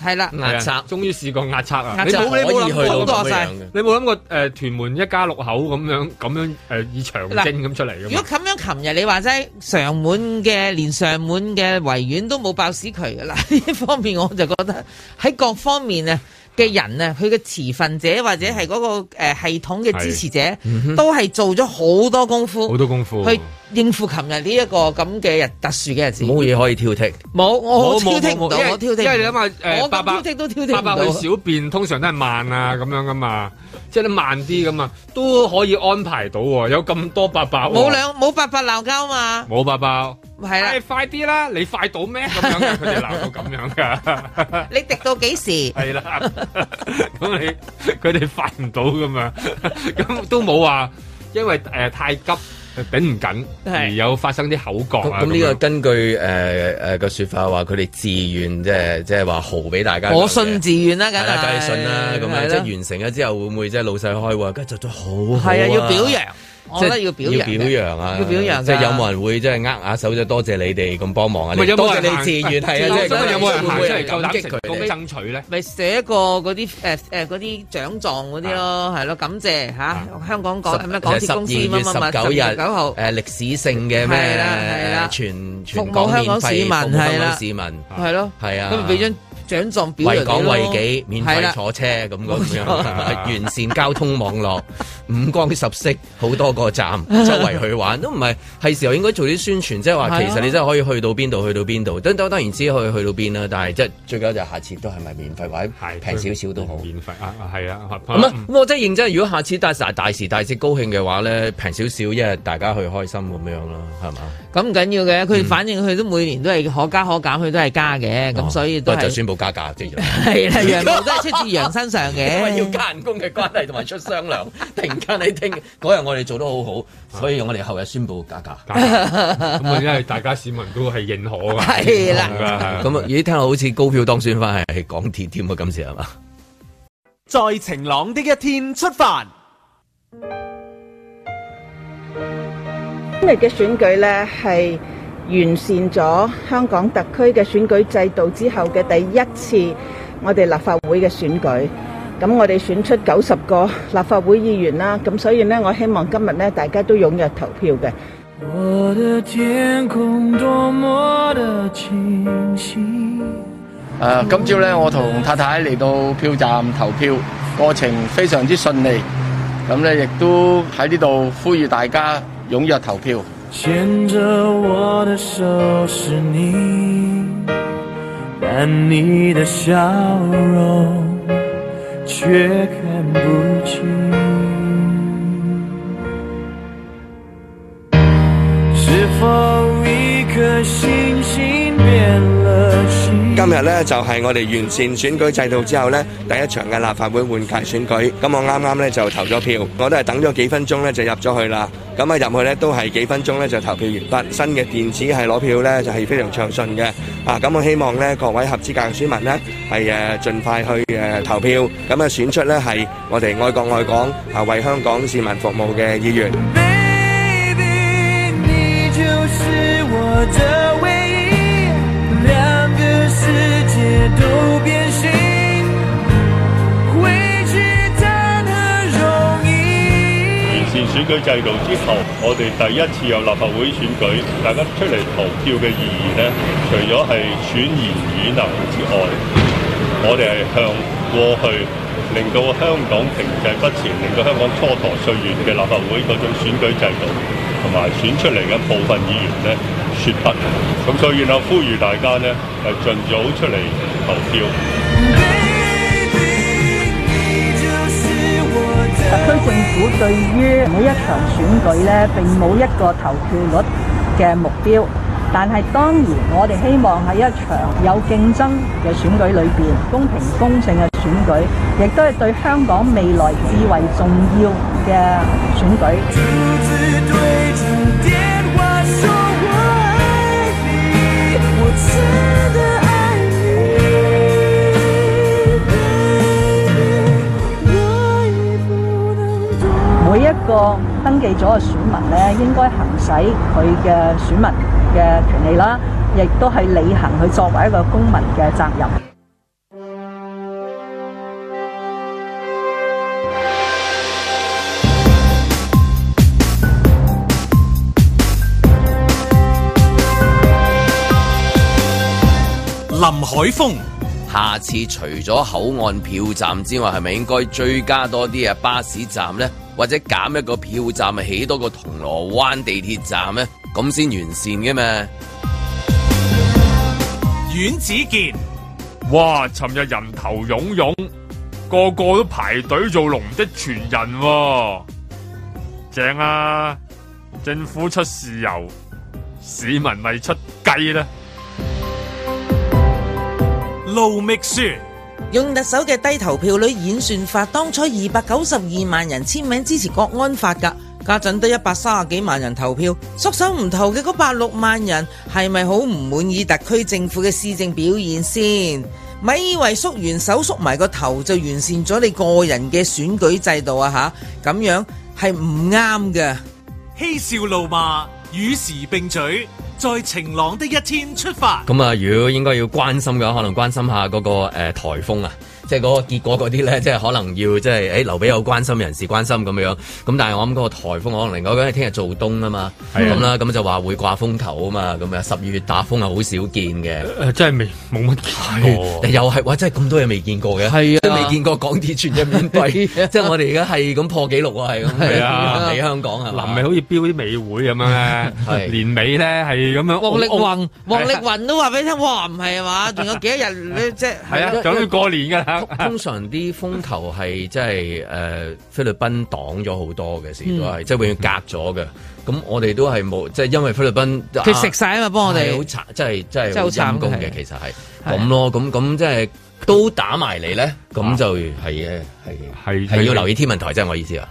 係啦、呃，壓測，終於試過壓測啊！你冇你冇諗過，你冇諗過誒、呃，屯門一家六口咁樣咁樣誒、呃，以長征咁出嚟。如果咁樣，琴日你話齋常滿嘅，連常滿嘅維園都冇爆屎渠噶啦，呢 方面我就覺得喺各方面呢。嘅人咧，佢嘅持份者或者係嗰個誒系統嘅支持者，嗯、都係做咗好多功夫，好多功夫去應付琴日呢一個咁嘅日特殊嘅日子。冇嘢可以挑剔，冇我挑剔唔到，挑剔，挑剔。即係你諗下，誒，挑剔爸爸佢小便，通常都係慢啊咁樣噶嘛，即係都慢啲咁啊，都可以安排到喎、啊。有咁多伯伯、啊，冇兩冇伯伯鬧交嘛，冇伯伯。係啦，快啲啦！你快到咩咁樣？佢哋鬧到咁樣噶， 你滴到幾時？係 啦、啊，咁你佢哋快唔到㗎嘛？咁 都冇話，因為誒、呃、太急頂唔緊，緊啊、而有發生啲口角咁呢樣個根據誒誒、呃呃呃、個說法話，佢哋自願即係即係話豪俾大家。我信自願啦、啊，梗係大家信啦、啊。咁、啊、樣即係、就是、完成咗之後，會唔會即係老細開話，而家做咗好好啊？係啊，要表揚。即係要表揚啊！要表揚，即係有冇人會即係握下手，即係多謝你哋咁幫忙啊！多謝你自願，係啊！即係有冇人行出嚟感激佢，爭取咧？咪寫個嗰啲誒誒嗰啲獎狀嗰啲咯，係咯，感謝嚇香港港咩港鐵公司咁啊嘛！十二月十九日九號誒歷史性嘅咩全全港免費服務市民，係啦，市民係咯係啊！咁咪俾張獎狀表揚你咯？為港為己，免費坐車咁嗰樣，完善交通網絡。五光十色，好多個站， 周圍去玩都唔係，係時候應該做啲宣傳，即係話其實你真係可以去到邊度，去到邊度。當然知可以去到邊啦，但係即係最緊要就下次都係咪免費或者平少少都好。免費啊，係啊。咁啊、嗯，咁、嗯、我真認真，如果下次大時大節高興嘅話咧，平少少，因為大家去開心咁樣啦，係嘛？咁唔緊要嘅，佢反正佢都每年都係可加可減，佢都係加嘅，咁、嗯、所以就宣布加價。係啦，羊毛 都係出自羊身上嘅， 因為要加人工嘅關係同埋出商量 你 聽嗰日我哋做得好好，所以我哋後日宣布價格。咁因為大家市民都係認可噶，係啦。 咁啊，咦， 聽到好似高票當選翻係港鐵添啊，今次係嘛？在晴朗的一天出發。今日嘅選舉咧，係完善咗香港特區嘅選舉制度之後嘅第一次，我哋立法會嘅選舉。咁我哋選出九十個立法會議員啦，咁所以呢，我希望今日呢，大家都踴躍投票嘅。啊，今朝呢，我同太太嚟到票站投票，過程非常之順利。咁呢，亦都喺呢度呼籲大家踴躍投票。卻看不清，是否一顆星星？今日呢就係我哋完善選舉制度之後呢第一場嘅立法會換屆選舉，咁我啱啱呢就投咗票，我都係等咗幾分鐘呢就入咗去啦，咁啊入去呢都係幾分鐘呢就投票完畢，新嘅電子係攞票呢就係非常暢順嘅，啊咁我希望呢各位合資格嘅選民呢係誒盡快去誒投票，咁啊選出呢係我哋愛國愛港啊為香港市民服務嘅議員。選舉制度之後，我哋第一次有立法會選舉，大家出嚟投票嘅意義呢，除咗係選賢以能之外，我哋係向過去令到香港停滯不前、令到香港蹉跎歲月嘅立法會嗰種選舉制度，同埋選出嚟嘅部分議員呢説不。咁所以，然後呼籲大家呢，盡早出嚟投票。對於每一場選舉呢，並冇一個投票率嘅目標，但係當然我哋希望喺一場有競爭嘅選舉裏邊，公平公正嘅選舉，亦都係對香港未來至為重要嘅選舉。每一個登記咗嘅選民咧，應該行使佢嘅選民嘅權利啦，亦都係履行佢作為一個公民嘅責任。林海峯。下次除咗口岸票站之外，係咪應該追加多啲啊，巴士站咧，或者減一個票站，起多個銅鑼灣地鐵站咧，咁先完善嘅嘛？阮子健，哇！尋日人頭涌涌，個個都排隊做龍的傳人。哦，正啊！政府出豉油，市民咪出雞啦。書用特首嘅低投票率演算法，當初二百九十二萬人簽名支持國安法噶，家陣得一百三十幾萬人投票，縮手唔投嘅嗰百六萬人係咪好唔滿意特區政府嘅施政表現先？咪以為縮完手縮埋個頭就完善咗你個人嘅選舉制度啊吓？咁樣係唔啱噶。嬉笑怒罵與時並舉。在晴朗的一天出發。咁啊，如果應該要關心嘅話，可能關心下嗰個誒颱風啊。即係嗰個結果嗰啲咧，即係可能要即係誒留俾有關心人士關心咁樣。咁但係我諗嗰個颱風可能另外嗰日聽日做冬啊嘛，咁啦，咁就話會掛風頭啊嘛，咁啊十二月打風係好少見嘅。真係未冇乜見過又係哇！真係咁多嘢未見過嘅，係啊，都未見過港鐵船入面飛，即係我哋而家係咁破紀錄啊，係咁。係啊，喺香港係嘛？林咪好似標啲美會咁樣咧，年尾咧係咁樣。王力宏，王力宏都話俾你聽，哇唔係啊嘛，仲有幾多日即係係啊，就要過年㗎啦。通，通常啲風球係即係誒菲律賓擋咗好多嘅事，都係、嗯、即係永遠隔咗嘅。咁、嗯、我哋都係冇，即係因為菲律賓佢食晒啊嘛，幫我哋好慘，即係即係陰功嘅。其實係咁的咯，咁咁即係都打埋嚟咧，咁就係、誒係係要留意天文台，真係我意思啊！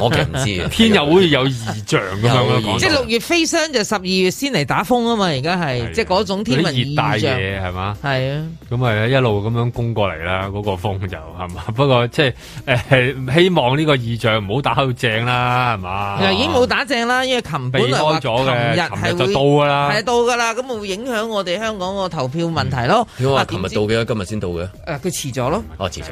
我其實唔知天又會有異象咁樣講。即係六月飛霜就十二月先嚟打風啊嘛，而家係即係嗰種天文異象，係嘛？係啊，咁咪一路咁樣攻過嚟啦，嗰個風就係嘛。不過即係誒，希望呢個異象唔好打到正啦，係嘛？已經冇打正啦，因為琴本來話琴日係就到噶啦，係到噶啦。咁會唔會影響我哋香港個投票問題咯？琴日到嘅今日先到嘅？誒，佢遲咗咯，哦，遲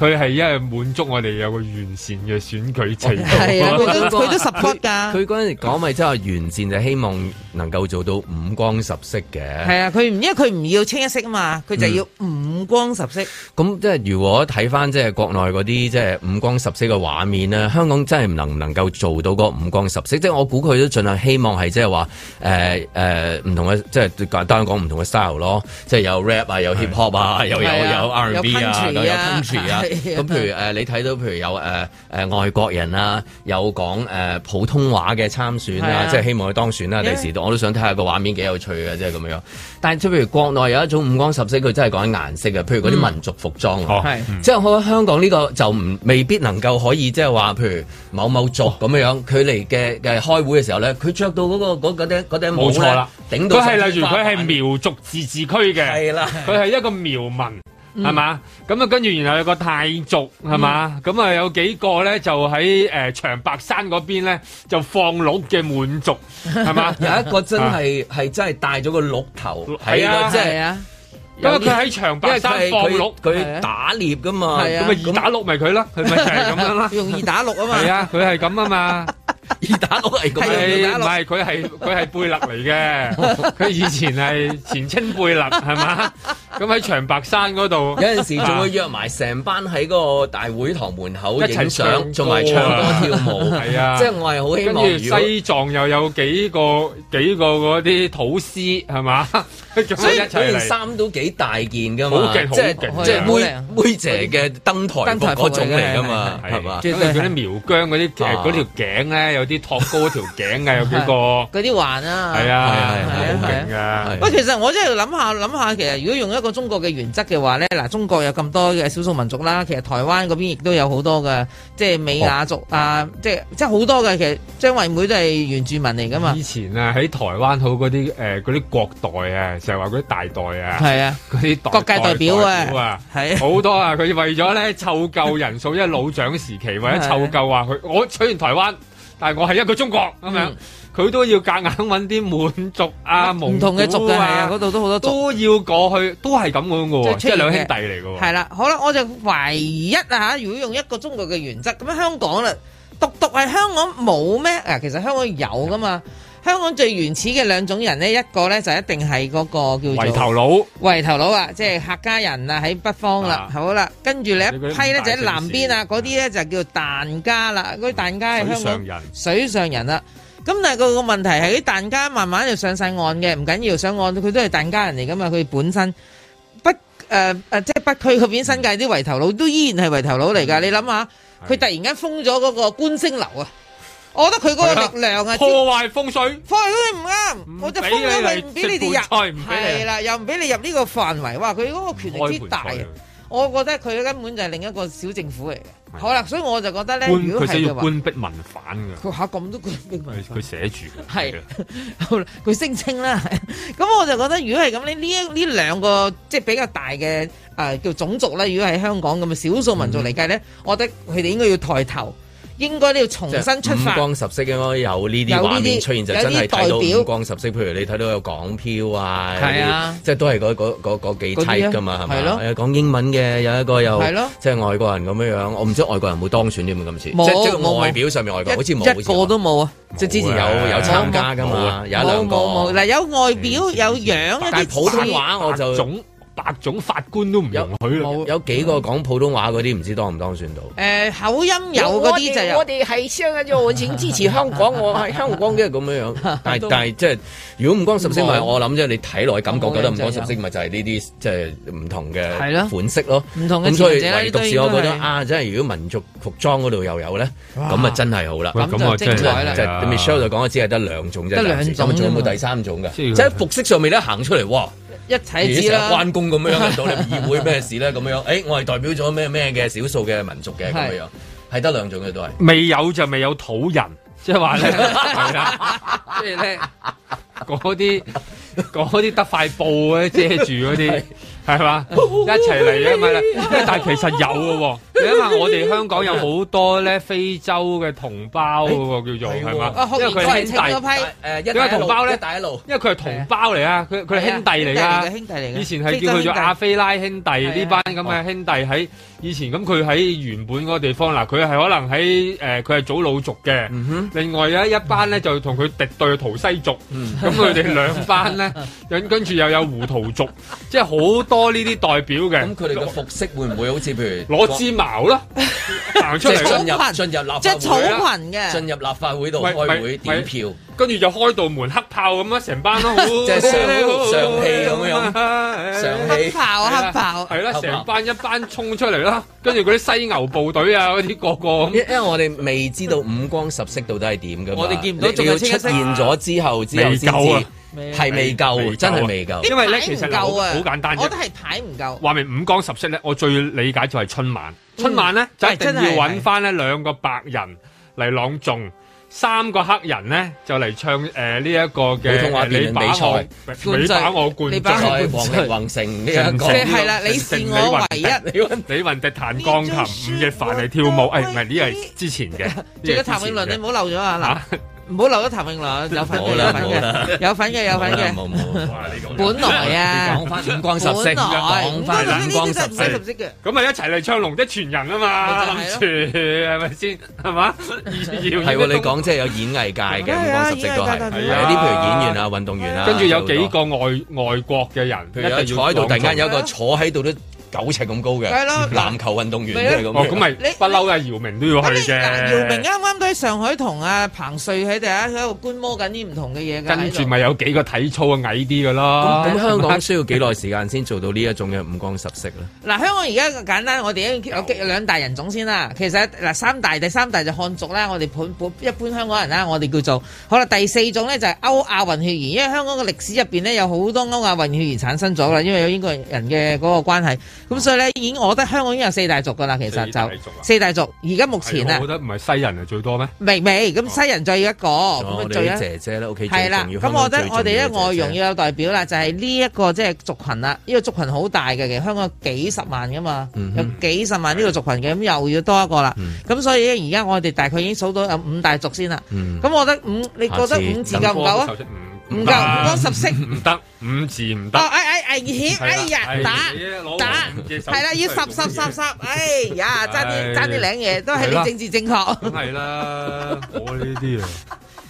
佢係因為滿足我哋有個完善嘅選舉制度、哦，啊，佢都 support 都 support 㗎。佢嗰陣講咪真係完善，就希望能夠做到五光十色嘅。係 啊，佢唔因為佢唔要清一色啊嘛，佢就要五光十色。咁、嗯、即係如果睇翻即係國內嗰啲即係五光十色嘅畫面咧，香港真係能唔能夠做到個五光十色？即係我估佢都盡量希望係即係話誒誒唔同嘅，即係簡單講唔同嘅 style 咯，即係有 rap 啊，有 hip hop 啊，啊又有、啊、有 R&B 啊，有 country 啊。咁 譬如誒、呃，你睇到譬如有誒誒、呃呃、外國人啦、啊，有講誒、呃、普通話嘅參選啦、啊，啊、即係希望佢當選啦、啊。第、啊、時我都想睇下個畫面幾有趣嘅，即係咁樣。但係即係譬如國內有一種五光十色，佢真係講緊顏色嘅，譬如嗰啲民族服裝、嗯哦、即係我覺得香港呢個就唔未必能夠可以即係話譬如某某族咁樣樣，佢嚟嘅嘅開會嘅時候咧，佢着到嗰、那個嗰頂嗰頂冇錯啦，頂到佢係例如佢係苗族自治區嘅，啦、啊，佢係一個苗民。係嘛？咁啊，跟住然後有個泰族，係嘛？咁啊，有幾個咧就喺誒長白山嗰邊咧就放鹿嘅滿族，係嘛？有一個真係係真係戴咗個鹿頭，係啊，即係啊因為佢喺長白山放鹿，佢打獵噶嘛，咁啊二打六咪佢咯，佢咪就係咁樣啦，用二打六啊嘛，係啊，佢係咁啊嘛。二打佬係咁，唔係佢係佢係貝勒嚟嘅，佢以前係前清貝勒係嘛？咁喺長白山嗰度，有陣時仲會約埋成班喺嗰個大會堂門口影相，仲埋唱歌跳舞，係啊！即係我係好希望。跟住西藏又有幾個幾個嗰啲土司係嘛？所以件衫都幾大件㗎嘛，好勁好勁即係妹妹姐嘅登台嗰種嚟㗎嘛，係嘛？即係啲苗疆嗰啲條頸咧。有啲托高條頸嘅有幾個，嗰啲 環啊，係啊，好勁嘅。的喂，其實我真係諗下諗下，其實如果用一個中國嘅原則嘅話咧，嗱、嗯，中國有咁多嘅少數民族啦，其實台灣嗰邊亦都有好多嘅，即係美雅族好啊，的即係即係好多嘅，其實張惠妹都係原住民嚟噶嘛。以前啊，喺台灣好嗰啲誒嗰啲國代啊，成日話嗰啲大代啊，係啊的，嗰啲國界代表啊，係好、啊、的多啊，佢為咗咧湊夠人數，因為 老蔣時期為咗湊夠啊，佢，我取完台灣。但係我係一個中國咁樣，佢、嗯、都要夾硬揾啲滿族啊、唔同嘅族的啊嗰度，啊、的都好多，都要過去，都係咁樣喎，即係兩兄弟嚟嘅。係啦，好啦，我就唯一啊吓，如果用一個中國嘅原則，咁樣香港啦，獨獨係香港冇咩啊？其實香港有噶嘛。香港最原始嘅兩種人呢，一個呢就一定係嗰個叫做圍頭佬，圍頭佬啊，即係客家人啊，喺北方啦，好啦，跟住你一批呢，就喺南邊啊，嗰啲呢，就叫疍家啦，嗰啲疍家係香港水上人，水上人啦。咁但係個問題係啲疍家慢慢就上晒岸嘅，唔緊要上岸，佢都係疍家人嚟噶嘛，佢本身北誒即係北區嗰邊新界啲圍頭佬都依然係圍頭佬嚟噶，嗯、你諗下，佢是突然間封咗嗰個觀星樓啊！我覺得佢嗰個力量啊，破壞風水，破壞風水唔啱。我就封咗佢，唔俾你哋入，係啦，又唔俾你入呢個範圍。哇，佢嗰個權力之大，我覺得佢根本就係另一個小政府嚟嘅。的好啦，所以我就覺得咧，官如果佢官逼民反嘅，下咁都官逼民，佢寫住好啦佢聲稱啦。咁 稱 我就覺得如、呃，如果係咁呢一呢兩個即係比較大嘅誒叫種族咧，如果喺香港咁嘅少數民族嚟計咧，嗯、我覺得佢哋應該要抬頭。應該都要重新出發。五光十色應該有呢啲畫面出現就真係睇到五光十色。譬如你睇到有港漂啊，即係都係嗰嗰幾 type 噶嘛，係咪啊？講英文嘅有一個又即係外國人咁樣樣，我唔知外國人會當選啲唔咁似，即係外表上面，外國好似冇，一個都冇啊！即係之前有有參加噶嘛，有兩個嗱有外表有樣，但係普通話我就。百種法官都唔容許，有有幾個講普通話嗰啲唔知當唔當算到？誒，口音有啲就係我哋係想嘅，就完全支持香港。我係香港嘅咁樣樣。但係但係即係，如果唔光十色咪，我諗即係你睇落去感覺覺得唔講十色咪，就係呢啲即係唔同嘅款式咯。咁所以唯獨是我覺得啊，即係如果民族服裝嗰度又有咧，咁啊真係好啦。咁就精彩啦。即係 Michelle 就講咗，只係得兩種啫，咁啊仲有冇第三種噶？即係服飾上面咧行出嚟。一齊啦，關公咁樣嘅到 你議會咩事咧？咁樣，誒、欸，我係代表咗咩咩嘅少數嘅民族嘅咁樣，係是得兩種嘅都係。未有就未有土人，即係話咧，係啦， 即係咧嗰啲嗰啲得塊布嘅遮住嗰啲。 係嘛，一齊嚟啊嘛！但係其實有嘅，你諗下我哋香港有好多咧非洲嘅同胞嘅，叫做係嘛，因為佢係兄弟，因為同胞咧第一路，因為佢係同胞嚟啊，佢佢係兄弟嚟啊，兄弟嚟，以前係叫佢做亞非拉兄弟，呢班咁嘅兄弟喺。以前咁佢喺原本嗰個地方，嗱佢係可能喺誒佢係祖魯族嘅。嗯、哼另外有一班咧就同佢敵對嘅圖西族，咁佢哋兩班咧， 跟跟住又有胡圖族，即係好多呢啲代表嘅。咁佢哋嘅服飾會唔會好似譬如攞枝矛咯？行哇出嚟進入進入立法，即係草裙嘅進入立法會度開會喂點票。喂跟住就開道門黑炮咁啦，成班都即係上上氣咁樣，上氣黑炮黑炮，係啦，成班一班衝出嚟啦。跟住嗰啲犀牛部隊啊，嗰啲個個，因為我哋未知道五光十色到底係點㗎嘛，我哋見唔到仲要出現咗之後先知，係未夠，真係未夠。因為咧其實好簡單，我覺得係牌唔夠。話明五光十色咧，我最理解就係春晚。春晚咧就一定要搵翻呢兩個白人嚟朗誦。三個黑人呢，就嚟唱誒呢一個嘅普通話比賽，你把我冠，你打我冠，你把王力宏呢樣係啦，你是我唯一，李雲迪彈鋼琴，吳亦凡嚟跳舞，誒唔係呢？係之前嘅，仲有譚詠麟，你唔好漏咗啊嗱。唔好留咗譚詠麟，有份嘅，有份嘅，有份嘅，有份嘅，冇冇。本來啊，講翻五光十色，講翻五光十色嘅。咁啊，一齊嚟唱《龍的傳人》啊嘛，冇諗住，係咪先？係嘛？係喎，你講即係有演藝界嘅五光十色都係，有啲譬如演員啊、運動員啊。跟住有幾個外外國嘅人，佢坐喺度，突然間有一個坐喺度都。九尺咁高嘅，的籃球運動員都係咁，咁咪不嬲是嘅姚明都要去嘅。姚明啱啱都喺上海同阿彭帥喺度，喺度觀摩緊啲唔同嘅嘢。跟住咪有幾個體操矮啲嘅咯。咁香港需要幾耐時間先做到呢一種嘅五光十色咧？嗱、啊，香港而家簡單，我哋有兩大人種先啦。其實嗱，三大第三大就漢族啦，我哋普一般香港人啦，我哋叫做好啦。第四種咧就係歐亞混血兒，因為香港嘅歷史入邊咧有好多歐亞混血兒產生咗啦，因為有英國人嘅嗰個關係。咁所以咧，已經我覺得香港已經有四大族噶啦，其實就四大族。而家目前啊，我覺得唔係西人係最多咩？未未，咁西人再一個，咁最再姐姐都 OK。係啦，咁我覺得我哋咧外傭要有代表啦，就係呢一個即係族群啦。呢個族群好大嘅，嘅，香港幾十萬噶嘛，有幾十萬呢個族群嘅，咁又要多一個啦。咁所以呢，而家我哋大概已經數到有五大族先啦。咁我覺得五，你覺得五字夠唔夠啊？唔夠，我十聲唔得，五字唔得。哦，哎哎，危險！哎呀，打打，係啦，要十十十十，哎呀，爭啲爭啲靚嘢，都係你政治正確。梗係啦，我呢啲啊。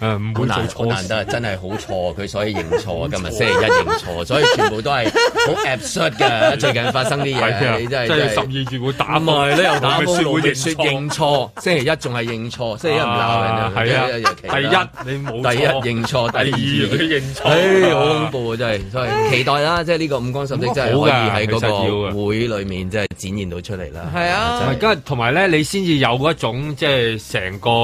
誒唔會難錯難得，真係好錯佢，所以認錯今日星期一認錯，所以全部都係好 absurd 嘅。最近發生啲嘢，你真係十二月會打嘛，你又打翻會認錯，星期一仲係認錯，星期一唔鬧人係啊，第一你冇第一認錯，第二你認錯，誒好恐怖啊！真係，所以期待啦，即係呢個五光十色真係好易喺嗰個會裏面即係展現到出嚟啦。係啊，跟住同埋咧，你先至有嗰種即係成個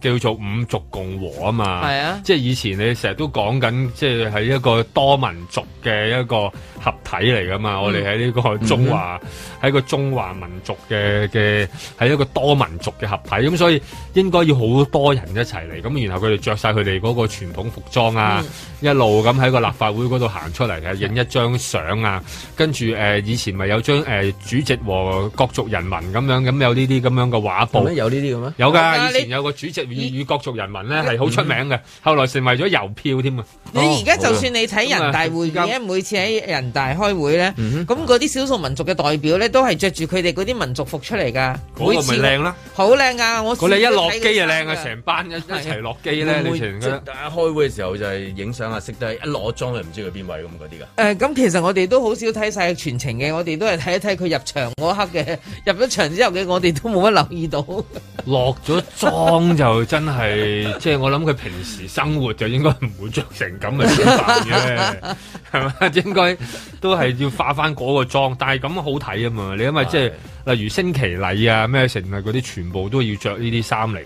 叫做五族共和。嘛，係啊，即係以前你成日都講緊，即係喺一個多民族嘅一個合體嚟噶嘛。我哋喺呢個中華，喺個中華民族嘅嘅，喺一個多民族嘅合體。咁所以應該要好多人一齊嚟。咁然後佢哋着晒佢哋嗰個傳統服裝啊，一路咁喺個立法會嗰度行出嚟，係影一張相啊。跟住誒，以前咪有張誒主席和各族人民咁樣，咁有呢啲咁樣嘅畫報。有呢啲嘅咩？有噶，以前有個主席與與各族人民咧，係好出。名嘅，後來成為咗郵票添啊！你而家就算你睇人大會議咧，在每次喺人大開會咧，咁嗰啲少數民族嘅代表咧，都係着住佢哋嗰啲民族服出嚟噶。好靚啦，好靚啊，我哋一落機就靚啊，成班一一齊落機咧，以前嘅。但係開會嘅時候就係影相啊，識得一落妝就唔知佢邊位咁嗰啲噶。誒、呃，咁其實我哋都好少睇晒全程嘅，我哋都係睇一睇佢入場嗰一刻嘅。入咗場之後嘅，我哋都冇乜留意到。落咗妝就真係， 即係我諗佢。平時生活就應該唔會着成咁嘅食嘅，係嘛？應該都係要化翻嗰個妝，但係咁好睇啊嘛！你因為即係例如升旗禮啊咩成啊嗰啲，全部都要着呢啲衫嚟，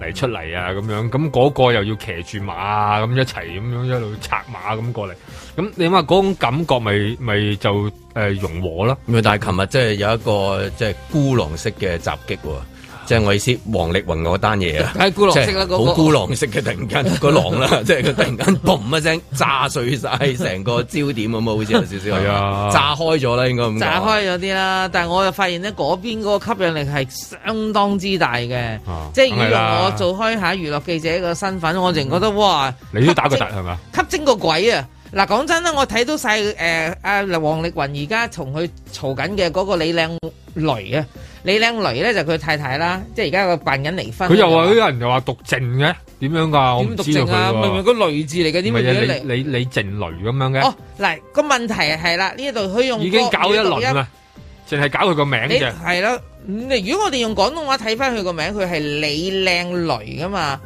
嚟出嚟啊咁樣。咁、那、嗰個又要騎住馬咁一齊咁樣一路策馬咁過嚟。咁你話嗰種感覺咪咪就誒融和咯？咁但係琴日即係有一個即係孤狼式嘅襲擊。即係我意思，王力宏嗰單嘢啊，即係好孤狼式嘅，式突然間個狼啦，即係佢突然間嘣一聲炸碎晒成 個焦點咁好似有少少係啊， 吧炸開咗啦，應該炸開咗啲啦，但係我又發現咧，嗰邊嗰個吸引力係相當之大嘅，啊、即係如果我做開下娛樂記者個身份，啊、我淨覺得哇，你都打個突係嘛，吸，嗎吸精個鬼啊！嗱，講真啦，我睇到曬誒、呃、王力宏而家同佢嘈緊嘅嗰個李靚蕾啊，李靚蕾呢就佢太太啦，即係而家個扮緊離婚。佢又話個人又話讀靜嘅，點樣㗎？「我唔知啊。明明個雷字嚟嘅，點解嚟？李李靜蕾咁樣嘅。哦，嗱、個問題係啦，呢度佢用已經搞一輪啦，淨係搞佢個名嘅。係咯，如果我哋用廣東話睇返佢個名，佢係李靚蕾㗎嘛。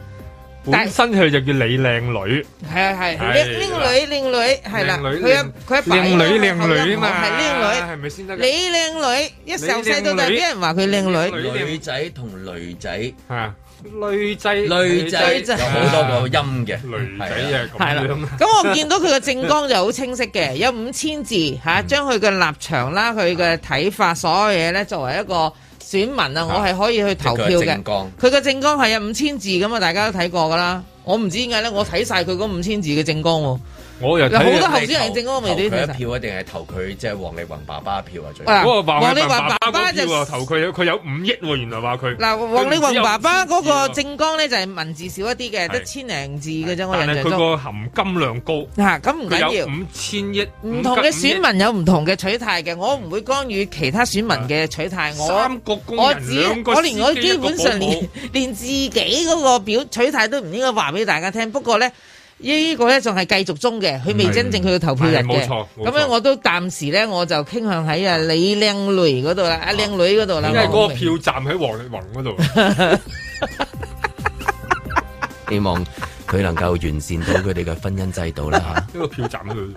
但身佢就叫你靚女，係啊，係，靚女靚女係啦，佢阿佢阿爸靚女靚女啊嘛，係靚女，係咪先得？你靚女，一受細到大，啲人話佢靚女。女仔同女仔，係啊，女仔女仔就好多個音嘅，女仔係啦。咁我見到佢嘅政綱就好清晰嘅，有五千字吓，將佢嘅立場啦、佢嘅睇法，所有嘢咧作為一個選民啊，我係可以去投票嘅。佢嘅政綱係有五千字咁嘛，大家都睇過噶啦。我唔知點解咧，我睇晒佢嗰五千字嘅政綱喎。我又好多候選人證嗰個未必投票，一定係投佢，即係王力宏爸爸票啊，最嗰個王力宏爸爸就投佢，佢有五億喎，原來話佢。嗱，王力宏爸爸嗰個政綱咧，就係文字少一啲嘅，得千零字嘅啫。我印象中，但係佢個含金量高咁，唔緊要。五千億，唔同嘅選民有唔同嘅取態嘅，我唔會干預其他選民嘅取態。我我只我連我基本上連連自己嗰個表取態都唔應該話俾大家聽。不過咧。呢個咧仲係繼續中嘅，佢未真正佢個投票日嘅。咁樣我都暫時咧，我就傾向喺啊李靚蕾嗰度啦，阿靚女嗰度啦。因為嗰個票站喺王力宏嗰度。希望佢能夠完善到佢哋嘅婚姻制度啦吓。呢個票站喺佢。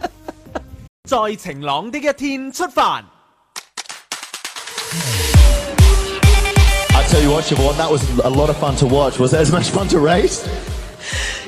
在晴朗的一天出發。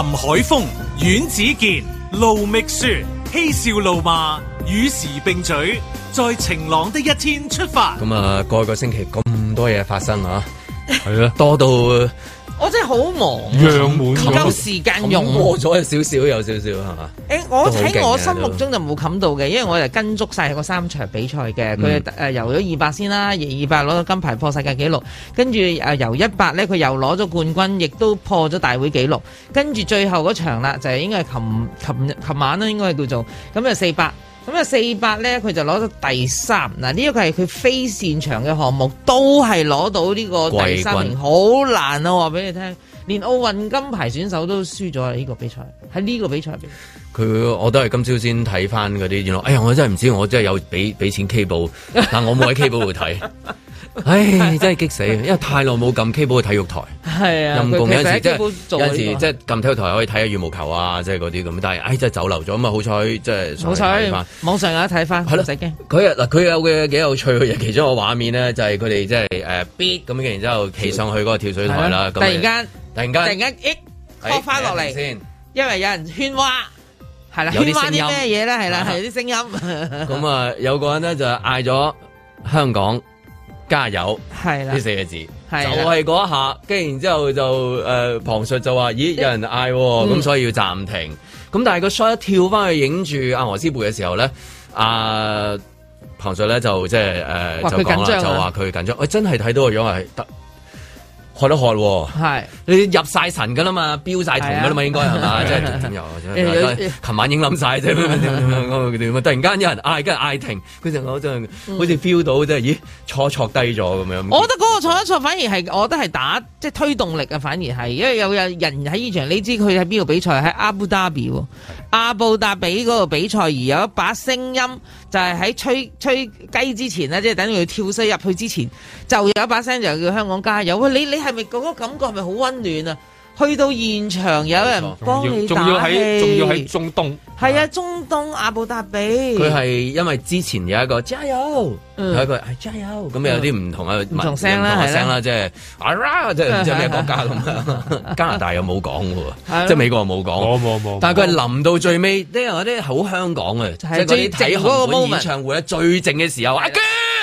林海峰、阮子健、盧覓雪，嬉笑怒罵，與時並舉，在晴朗的一天出發。咁啊，過去個星期咁多嘢發生啊，係啊， 多到～我真係好忙，冇時間用咗有少少，有少少係嘛？我喺我心目中就冇冚到嘅，都因為我就跟足晒個三場比賽嘅，佢誒游咗二百先啦，二百攞咗金牌破世界紀錄，跟住游一百咧，佢、呃、又攞咗冠軍，亦都破咗大會紀錄，跟住最後嗰場啦，就係應該係琴琴琴晚啦，應該係叫做咁就四百。咁啊，四百咧，佢就攞咗第三。嗱，呢個係佢非擅長嘅項目，都係攞到呢個第三名，好君難啊，話俾你聽，連奧運金牌選手都輸咗呢個比賽喺呢個比賽，佢我都係今朝先睇翻嗰啲。原來，哎呀，我真係唔知，我真係有俾俾錢 K 寶但我冇喺 K 寶度睇。 唉，真係激死！因為太耐冇撳 k e 去體育台，係啊，任共有陣時，即係嗰陣時即係撳體育台可以睇下羽毛球啊，即係嗰啲咁。但係唉，真係走漏咗，咁，啊好彩，即係好彩。網上有一睇翻，係咯，唔使驚。佢嗱，佢有嘅幾有趣嘅其中一個畫面咧，就係佢哋即係誒咁，然之後企上去嗰個跳水台啦。突然間，突然間，突然間，咦，跌翻落嚟先，因為有人喧嘩，係啦，有啲咩嘢咧？係啦，有啲聲音。咁啊，有個人咧就嗌咗香港，加油，係啦的！呢四個字是的就係嗰一下，跟住然之後就誒，龐、呃、sir< 的>就話：咦，有人嗌、哦，咁、嗯、所以要暫停。咁但係個 shot 一跳翻去影住阿俄斯貝嘅時候咧，阿龐 sir 咧就即係誒，呃、緊張就話就話佢緊張。我、啊、真係睇到個樣係得。學得學喎，係是你入晒神噶啦嘛，飈晒頭噶啦嘛，是啊、應該係嘛？ 真係係，有係，真係，琴晚已經諗晒啫，係，點係，點係，突然間有人嗌，跟住嗌停，佢成個好似好似 feel 到，真係、嗯、咦錯錯低咗咁樣我坐坐。我覺得嗰個錯一錯反而係，我覺得係打即係推動力啊，反而係，因為有有人喺呢場，你知佢喺邊度比賽喺阿布達比喎。阿布達比嗰個比賽，而有一把聲音就，就係喺吹吹雞之前，即係等於佢跳水入去之前，就有一把聲就叫香港加油。喂，你你係咪嗰個感覺係咪好溫暖啊？去到現場有人幫你打氣，仲要喺中東，係啊，中東阿布達比。佢係因為之前有一個加油，o 有一個係加油咁有啲唔同嘅唔同嘅聲啦，即係即係唔知咩國家咁。加拿大又冇講喎，即係美國又冇講，冇冇冇。但係佢係臨到最尾，呢有啲好香港嘅，即係啲睇紅館演唱會咧最靜嘅時候啊！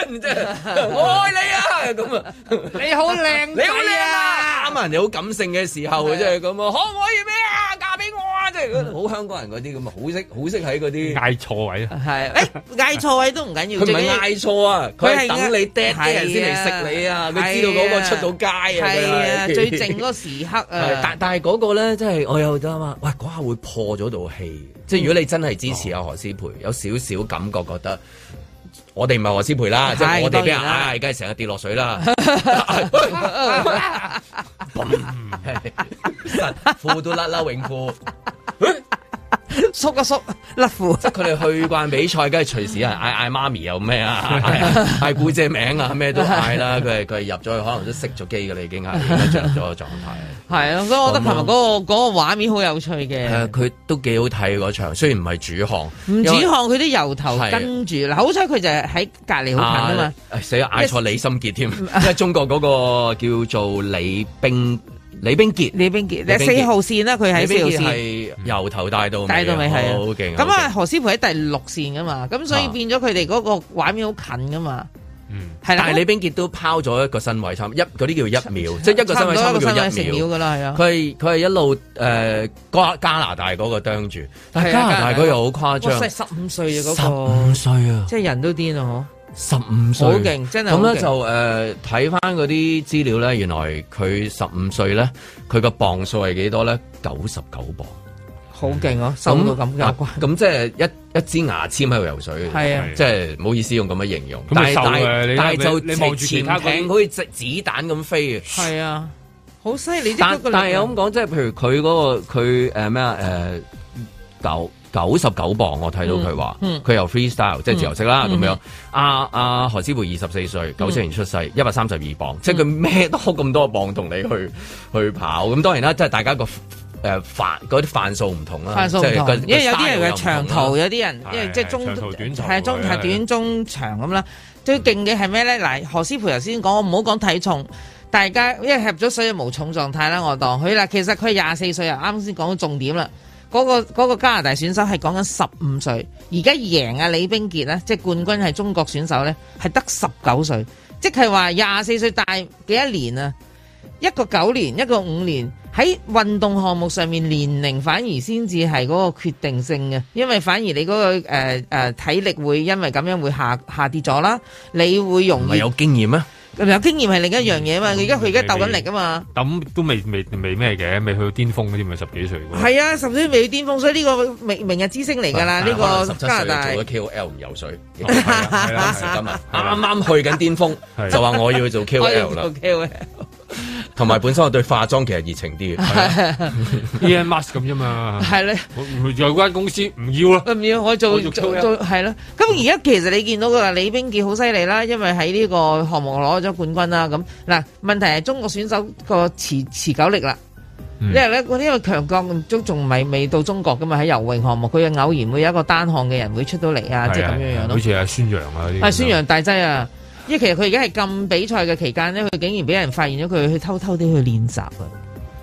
即係我愛你啊咁啊，你好靚你好靚啊啱啊，人哋好感性嘅時候啊，即係咁啊，可唔可以咩啊嫁俾我啊？即係好香港人嗰啲咁啊，好識好識喺嗰啲嗌錯位啊，係誒嗌錯位都唔緊要，佢唔係嗌錯啊，佢係等你嗲啲人先嚟識你啊，佢知道嗰個出到街啊，係啊最靜嗰個時刻啊，但但係嗰個咧，即係我有得啊，喂嗰下會破咗套戲。即係如果你真係支持阿何思培，有少少感覺覺得。我哋唔係何思培啦，對即係我哋俾人嗌，梗係成日跌落水啦，褲都甩啦，泳褲。永 叔啊叔，甩褲！ 即係佢哋去慣比賽，梗係隨時係嗌嗌媽咪又咩啊，嗌姑姐名啊，咩都嗌啦。佢係佢係入咗，去，可能都熄咗機噶啦，你已經係進入咗狀態。係啊，所以我覺得琴日嗰個嗰個畫面好有趣嘅。係佢都幾好睇嗰場，雖然唔係主項，唔主項佢為都由頭跟住嗱，的好彩佢就係喺隔籬好近啊嘛。死嗌錯李心潔添，即係麼中國嗰個叫做李冰。李冰潔，李冰潔，你四號線啦，佢喺四號線，由頭帶到尾，好勁。咁啊，何師傅喺第六線噶嘛，咁所以變咗佢哋嗰個畫面好近噶嘛。嗯，係但係李冰潔都拋咗一個身位差一，嗰啲叫一秒，即係一個身位差叫一秒噶啦，係啊。佢係佢係一路誒加拿大嗰個掹住，但係加拿大嗰個又好誇張，十五歲啊，十五歲啊，即係人都癲啊嗬。十五歲，好勁！真係！咁咧就誒睇翻嗰啲資料咧，原來佢十五歲咧，佢個磅數係幾多咧？九十九磅，好勁啊！瘦到咁嘅，咁即係一一支牙籤喺度游水，係啊，即係唔好意思用咁樣形容。但係嘅，但就直潛艇好似隻子彈咁飛啊！係啊，好犀利！但但係咁講，即係譬如佢嗰個佢誒咩啊誒九。九十九磅，我睇到佢話，佢有 freestyle 即係自由式啦咁樣。阿阿何師培二十四歲，九四年出世，一百三十二磅，即係佢咩都咁多磅同你去去跑。咁當然啦，即係大家個誒嗰啲飯數唔同啦，因為有啲人嘅長途，有啲人因為即係中短係中係短中長咁啦。最勁嘅係咩咧？嗱，何師培頭先講，我唔好講體重，大家因為入咗水就無重狀態啦。我當佢啦，其實佢廿四歲啊，啱先講到重點啦。嗰個嗰個加拿大選手係講緊十五歲，而家贏啊李冰潔呢，即係冠軍係中國選手呢，係得十九歲，即係話廿四歲大幾一年啊？一個九年，一個五年，喺運動項目上面年齡反而先至係嗰個決定性嘅，因為反而你嗰個誒誒體力會因為咁樣會下下跌咗啦，你會容易有經驗咩？有經驗係另一樣嘢啊嘛，而家佢而家鬥緊力啊嘛，咁都未未未咩嘅，未去到巔峰嗰啲咪十幾歲係啊，十幾未去巔峰，所以呢個明明日之星嚟㗎啦，呢是、呢個十七歲做咗 K O L 唔游水，今日啱啱去緊巔峯 的就話我要做 K O L 啦，K O L。同埋本身我對化妝其實熱情啲嘅，係 must 咁啫嘛，係咧、啊。有間公司唔要咯，唔要我做我做係咯。咁而家其實你見到嘅李冰潔好犀利啦，因為喺呢個項目攞咗冠軍啦。咁嗱，問題係中國選手個持持久力啦，嗯、因為咧，因為強國中仲未未到中國噶嘛，喺游泳項目，佢偶然會有一個單項嘅人會出到嚟，啊，即係咁樣樣咯。好似阿孫楊啊，阿孫楊大劑啊。因為其實佢而家係禁比賽嘅期間咧，佢竟然俾人發現咗佢去偷偷哋去練習啊！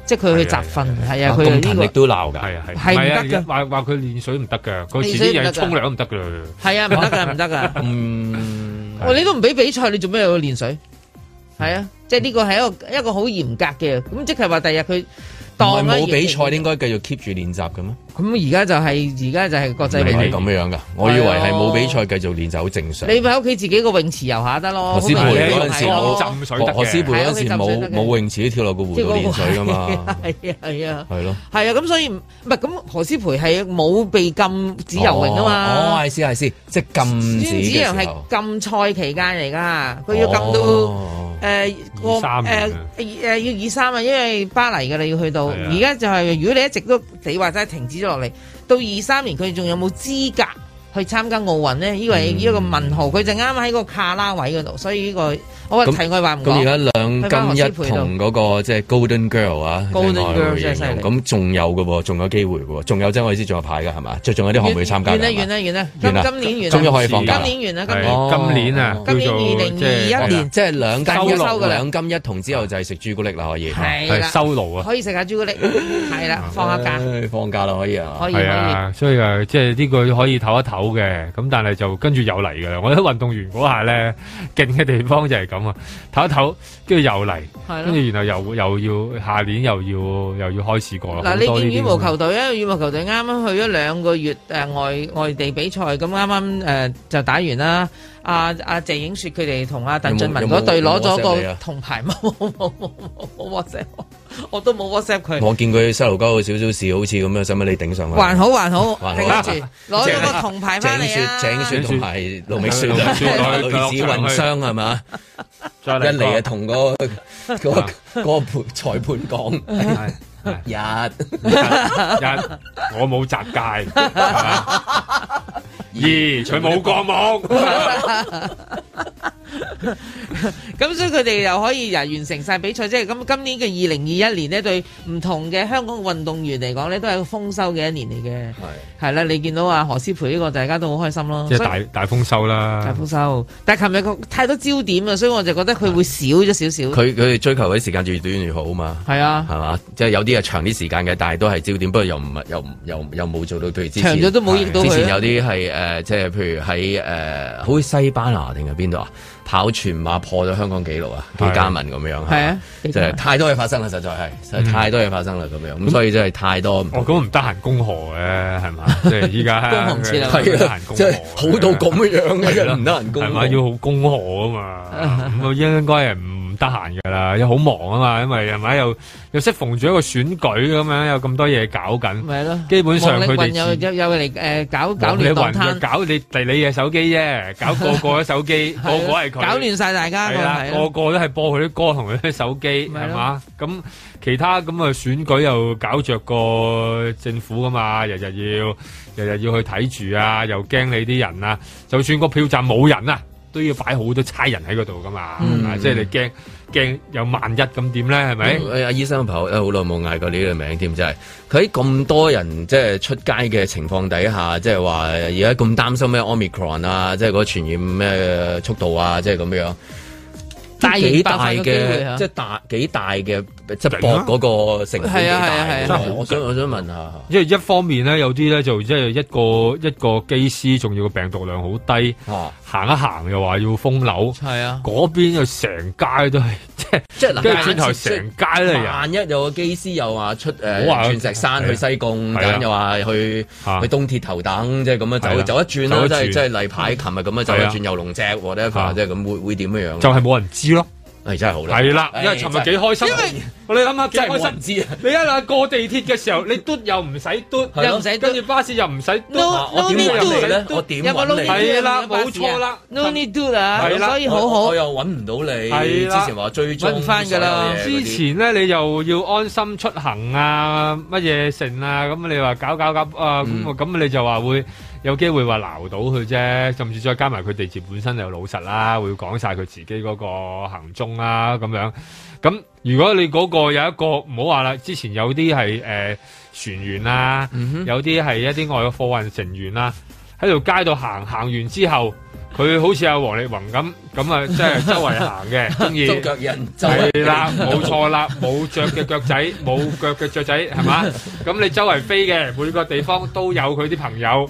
即係佢去集訓，係啊，佢呢個力都鬧噶，係啊，係唔得噶，話話佢練水唔得噶，佢自己又沖涼唔得噶，係啊，唔得噶，唔得噶， 嗯，我、啊哦、你都唔俾比賽，你做咩又要練水？係啊，嗯、即係呢個係一個、嗯、一個好嚴格嘅，咁即係話第日佢當冇比賽，應該繼續 keep 住練習咁啊。咁而家就係，而家就係國際泳會咁樣噶，我以為係冇比賽繼續練就好正常。你咪喺屋企自己個泳池遊下得咯。何詩蓓嗰陣時冇浸水，何詩蓓嗰陣時冇冇泳池，跳落個湖度練水噶嘛。係啊，係啊。係咯。係啊，咁所以唔係咁，何詩蓓係冇被禁止游泳啊嘛。哦，係師，係師，即係禁止。孫子陽係禁賽期間嚟噶，佢要禁到誒，個，誒要二三啊，因為巴黎噶，你要去到而家就係，如果你一直都，你話齋停止。落嚟到二三年，佢仲有冇資格去參加奧運呢？呢個呢一個問號，佢就啱啱喺個卡拉位嗰度，所以呢個。好話題外話，咁而家兩金一同嗰個即係 Golden Girl 啊，Golden Girl 咁仲有嘅喎，仲有機會喎，仲有即係意思仲有排嘅係嘛？最仲有啲可唔可以參加？完啦完啦完啦！今年終於可以放假，今年完啦！今年啊，今年二零二一年即係兩金一收嘅兩金一同之後就係食朱古力啦，可以係收爐啊，可以食下朱古力，係啦，放下假放假啦，可以啊，可以啊，所以啊，即係呢個可以唞一唞嘅，咁但係就跟住又嚟嘅啦。我覺得運動員嗰下咧勁嘅地方就係咁。唞一唞，跟住又嚟，跟住然後又來然後又,又要下年又要又要開始過啦。嗱，你見羽毛球隊啊，羽毛球隊啱啱去咗兩個月誒、呃、外外地比賽，咁啱啱誒就打完啦。阿阿謝影雪佢哋同阿鄧俊文嗰對攞咗個銅牌，冇冇冇冇 WhatsApp，我都冇 WhatsApp 佢。我見佢細路哥有少少事，好似咁樣使唔使你頂上去？還好還好，攞咗個銅牌翻嚟啦。謝影雪同埋盧明雪女子運傷係嘛，一嚟啊同個個個判裁判講。日 一，我冇摘界。 二，佢冇過網，咁 所以佢哋又可以完成晒比賽，即係咁今年嘅二零二一年咧，對唔同嘅香港運動員嚟講咧，都係個豐收嘅一年嚟嘅。係係啦，你見到啊何詩蓓呢個，大家都好開心咯。即係大以大豐收啦，大豐收。但係琴日個太多焦點啊，所以我就覺得佢會少咗少少。佢佢追求嘅時間越短越好啊嘛。係啊的，係嘛，即係有啲。長長啲時間嘅，但係都係焦點。不過又唔又又又冇做到對之前，之前有啲係誒，即係譬如喺誒，好似西班牙定係邊度啊？跑全馬破咗香港紀錄啊！幾加文咁樣係啊，就係太多嘢發生啦，實在係，實在太多嘢發生啦，咁樣。咁所以真係太多。我咁唔得閒恭賀嘅係嘛？即係依家得啊，係啊，即係好到咁樣嘅，唔得閒恭賀。係嘛？要好恭賀啊嘛。我應該係唔。唔得閒噶啦，又好忙啊嘛，因為係咪又又識逢住一個選舉咁樣，有咁多嘢搞緊，咪係咯。基本上佢哋有有有嚟，誒，搞搞亂代攤，搞你哋你嘅手機啫，搞個個嘅手機，個個係佢搞亂晒大家。係啦，個個都係播佢啲歌同佢啲手機係嘛。咁其他咁嘅選舉又搞著個政府噶嘛，日日要日日要去睇住啊，又驚你啲人啊，就算個票站冇人啊，都要擺好多差人喺嗰度噶嘛，嗯、即係你驚驚有萬一咁點咧？係咪？阿、啊、醫生朋友好耐冇嗌過呢個名添。真係佢喺咁多人即係出街嘅情況底下，即係話而家咁擔心咩 Omicron 啊，即係嗰傳染咩速度啊，即係咁樣。幾大嘅，即係大幾大嘅，即博嗰個城市係啊係啊！我想我想問下，因為一方面咧，有啲咧就即係一個一個機師，仲要個病毒量好低，行一行又話要封樓，係啊，嗰邊又成街都係，即即係跟住轉頭成街咧。萬一有個機師又話出誒，鑽石山、去西貢，又話去去東鐵頭等，即係咁樣走走一轉啦，即係即係例牌，琴日咁樣走一轉，又龍脊或者話即係咁，會會點樣？就係冇人知。咯、誒真係好啦，係啦，因為尋日幾開心啊！你諗下幾開心唔知啊？你一諗過地鐵嘅時候，你嘟又唔使嘟，又跟住巴士又唔使。no no need do 咧，我點嚟？係啦，冇錯啦，no need do 啊！係啦，所以好好。我又揾唔到你，之前話最中意嘅嘢。揾唔翻噶啦！之前咧你又要安心出行啊，乜嘢成啊？咁你話搞搞搞啊咁，咁你就話會。有機會話鬧到佢啫，甚至再加埋佢哋接本身就老實啦，會講晒佢自己嗰個行蹤啦咁樣。咁如果你嗰個有一個唔好話啦，之前有啲係誒船員啊，有啲係一啲外國貨運成員啦，喺、嗯、哼條街度行行完之後，佢好似阿黃力宏咁，咁啊即係周圍行嘅， 歡中意。足人係啦，冇錯啦，冇 著嘅腳仔，冇腳嘅雀仔係嘛？咁你周圍飛嘅，每個地方都有佢啲朋友。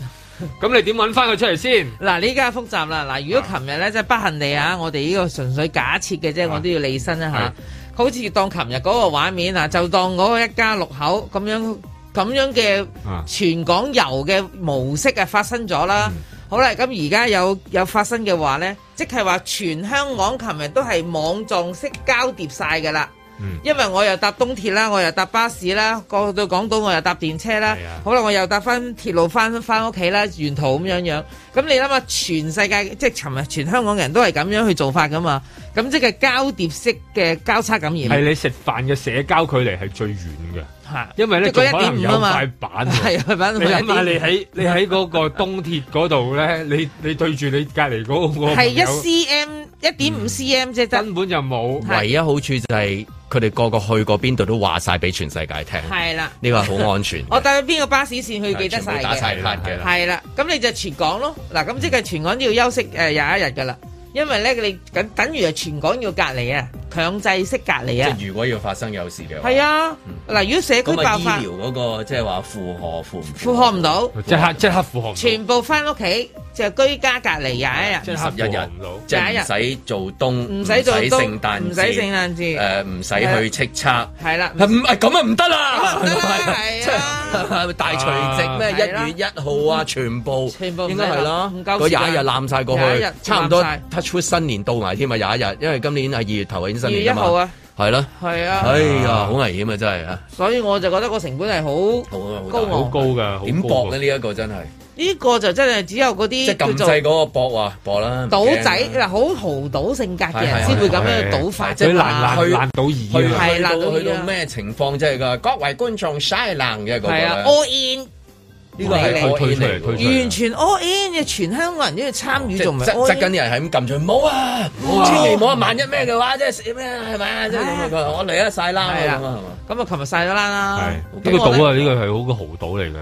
咁你點揾翻佢出嚟先？嗱，呢家複雜啦。嗱，如果琴日咧即係不幸地啊，我哋呢個純粹假設嘅啫，我都要理身一下。啊啊、好似當琴日嗰個畫面啊，就當嗰個一家六口咁樣咁樣嘅全港遊嘅模式啊發生咗啦。啊、好啦，咁而家有有發生嘅話咧，即係話全香港琴日都係網狀式交疊晒噶啦。嗯、因為我又搭東鐵啦，我又搭巴士啦，過去到港島我又搭電車啦，好啦、啊，我又搭翻鐵路翻翻屋企啦，沿途咁樣樣。咁你諗下，全世界即係尋日全香港人都係咁樣去做法噶嘛？咁即係交疊式嘅交叉感染。係你食飯嘅社交距離係最遠嘅。因為咧，仲可能有塊板，係塊板。你啊嘛，你喺你喺嗰個東鐵嗰度咧，你你對住你隔籬嗰個係一 cm，一點五 cm 啫，得根本就冇。唯一好處就係佢哋個個去過邊度都話晒俾全世界聽。係啦，呢個好安全。我搭邊個巴士綫去記得晒嘅。係啦，咁你就全港咯。嗱，咁即係全港都要休息誒，廿一日噶啦。因為咧，佢哋等等於係全港要隔離啊，強制式隔離啊。即係如果要發生有事嘅。係啊，嗱，如果社區爆發，咁啊，醫療嗰個即係話負荷負唔負荷唔到，即刻即刻負荷。全部翻屋企，就居家隔離廿一日。即刻負荷唔到，廿一日。唔使做冬，唔使做冬，唔使聖誕節，唔使聖誕節，誒，唔使去叱咤。係啦。唔係咁啊，唔得啦，係啊，大除夕咩一月一號啊，全部，全部應該係啦，唔夠廿一日攬晒過去，差唔多。出新年到埋添啊，廿一日，因為今年係二月頭已經新年二月一號啊，係啦係啊，哎呀，好危險啊，真係啊！所以我就覺得個成本係好高，好高噶，點搏咧？呢一個真係呢個就真係只有嗰啲即係撳掣嗰個搏啊，搏啦，賭仔嗱好豪賭性格嘅人先會咁樣賭法啫嘛，去爛賭而係到去到咩情況真係噶？各位觀眾曬冷嘅，係啊，all in。呢個係佢推嚟，完全 all in 嘅全香港人都要參與做咩？執緊啲人係咁撳住唔好啊！唔好啊！唔好啊！萬一咩嘅話，即係咩係咪啊？即係我嚟一晒啦咁啊！係嘛？咁啊，琴日晒咗啦！呢、呢個賭啊！呢個係好個豪賭嚟㗎，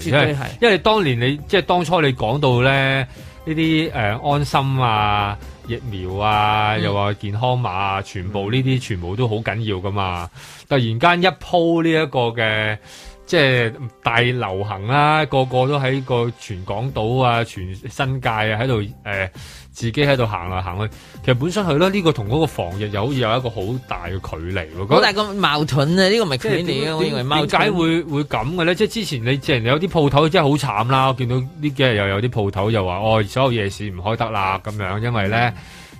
其實係，因為因當年你即係當初你講到咧呢啲誒安心啊疫苗啊又話健康碼啊，全部呢啲全部都好緊要㗎嘛！突然間一鋪呢、呃呃啊啊啊、一鋪一個嘅。即係大流行啦、啊，個個都喺個全港島啊、全新界啊，喺度誒自己喺度行嚟行去。其實本身係咯，呢個同嗰個防疫又好似有一個好大嘅距離，好大個矛盾啊！呢、呢個咪距離啊，我認為點解會會咁嘅咧？即係之前你之前有啲鋪頭真係好慘啦，我見到呢幾日又有啲鋪頭又話哦，所有夜市唔開得啦咁樣，因為咧。嗯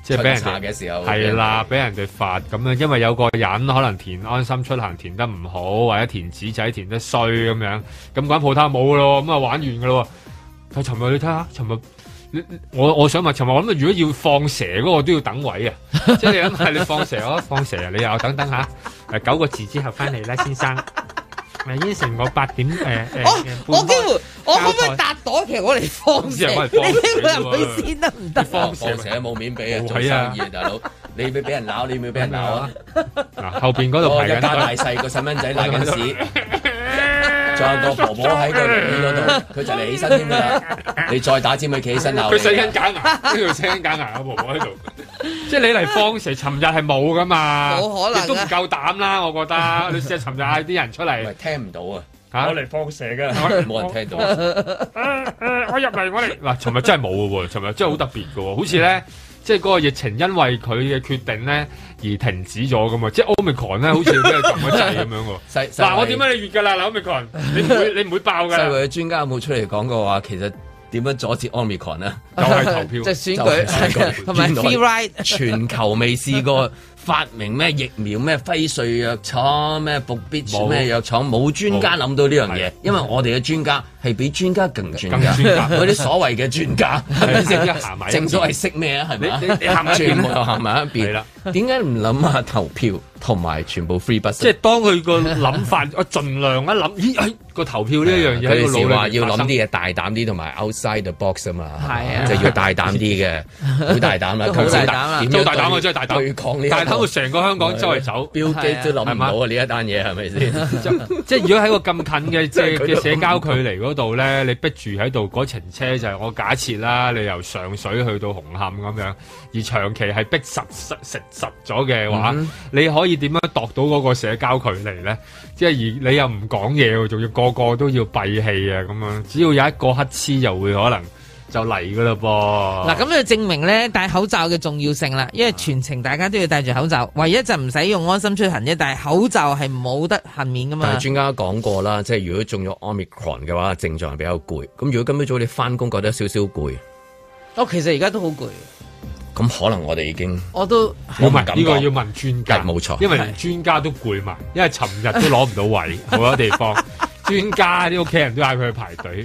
即係俾人查嘅時候，係啦，俾人哋罰咁樣，因為有個人可能填安心出行填得唔好，或者填紙仔填得衰咁樣，咁間鋪頭冇咯，咁啊玩完噶咯。佢尋日你睇下，尋日我我想問尋日，我諗如果要放蛇嗰個都要等位啊， 即係你，係你放蛇囉，放蛇啊，你又等等下、 啊。九個字之後翻嚟啦，先生。依成個八點，誒、呃呃、我開我幾乎台我可唔可以搭檔，其實我嚟放蛇，我放蛇你先入去先得唔得？放成日冇面俾人、啊、做生意， 大佬，你俾俾人鬧，你要唔要俾人鬧啊？嗱， 後邊嗰度排緊，一家大細 個細蚊仔瀨緊屎。仲有個婆婆喺個椅嗰度，佢就嚟起身添啦！你再打尖佢企起身啦！佢食緊假牙，喺度食緊假牙啊！婆婆喺度，即係你嚟放蛇尋日係冇噶嘛？冇可能，亦都唔夠膽啦！我覺得你試下尋日嗌啲人出嚟，聽唔到啊！我嚟放蛇噶，冇人聽到。我入嚟，我嚟嗱，尋日真係冇嘅喎，尋日真係好特別嘅喎，好似咧。即係嗰個疫情因為佢嘅決定咧而停止咗㗎嘛。即係 omicron 咧好似咩咁一掣咁樣喎。嗱 我點解你越㗎啦？omicron 你唔會你唔會爆㗎？世衞嘅專家有冇出嚟講過話其實點樣阻止 omicron 啊？就係投票，即係選舉，係選舉全球未試過。發明咩疫苗咩輝瑞藥廠咩伏必咩藥廠，冇專家諗到呢樣嘢，因為我哋嘅專家係比專家勁噶，專家嗰啲所謂嘅專家正所謂識咩啊？係咪？行住又行埋一邊。點解唔諗下投票同埋全部 free bus？即係當佢個諗法，我盡量一諗，咦？誒個投票呢一樣嘢你個腦要諗啲嘢，大膽啲同埋 outside the box 啊嘛，啊，就要大膽啲嘅，好大膽啦，好大膽啦，大膽啊，真係大膽。但係等我成個香港周圍走，標記都諗唔到啊！呢一單嘢係咪先？即係如果喺個咁近嘅即係嘅社交距離嗰度咧，你逼住喺度，嗰程車就係我假設啦，你由上水去到紅磡咁樣，而長期係逼實實實咗嘅話，嗯、你可以點樣度到嗰個社交距離咧？即係而你又唔講嘢，仲要個個都要閉氣啊！咁樣，只要有一個乞嗤，就會可能就嚟噶啦噃。嗱，咁就證明咧，戴口罩嘅重要性啦。因為全程大家都要戴住口罩，啊、唯一就唔使用，用安心出行啫。但口罩係冇得幸免噶嘛。專家講過啦，即係如果中咗 Omicron 嘅話，症狀係比較攰。咁如果今朝早你翻工覺得少少攰，哦，其實而家都好攰。咁可能我哋已經我都冇問，呢個要問專家冇錯，因為連專家都攰埋，因為尋日都攞唔到位好多地方，專家啲屋企人都嗌佢去排隊，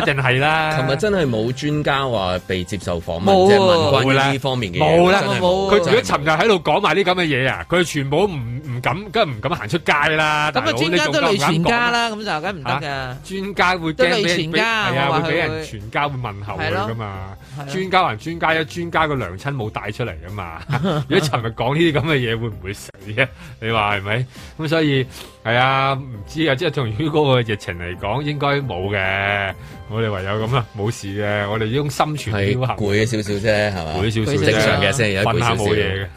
一定係啦。琴日真係冇專家話被接受訪問，即係問關於呢方面嘅嘢冇啦，佢如果尋日喺度講埋啲咁嘅嘢啊，佢全部唔唔敢，梗係唔敢行出街啦。咁啊，專家都累全家啦，咁就梗唔得噶。專家會驚咩？係啊，會俾人全家會問候佢噶嘛。專家還專家，一專家個娘親冇帶出嚟噶嘛？如果尋日講呢啲咁嘅嘢，會唔會死啊？你話係咪？咁所以係啊，唔知啊，即係同於嗰 g 疫情嚟講，應該冇嘅。我哋唯有咁啦，冇事嘅。我哋呢種心存僥倖，攰咗少少啫，係嘛？少少正常嘅聲，問吧下冇嘢嘅。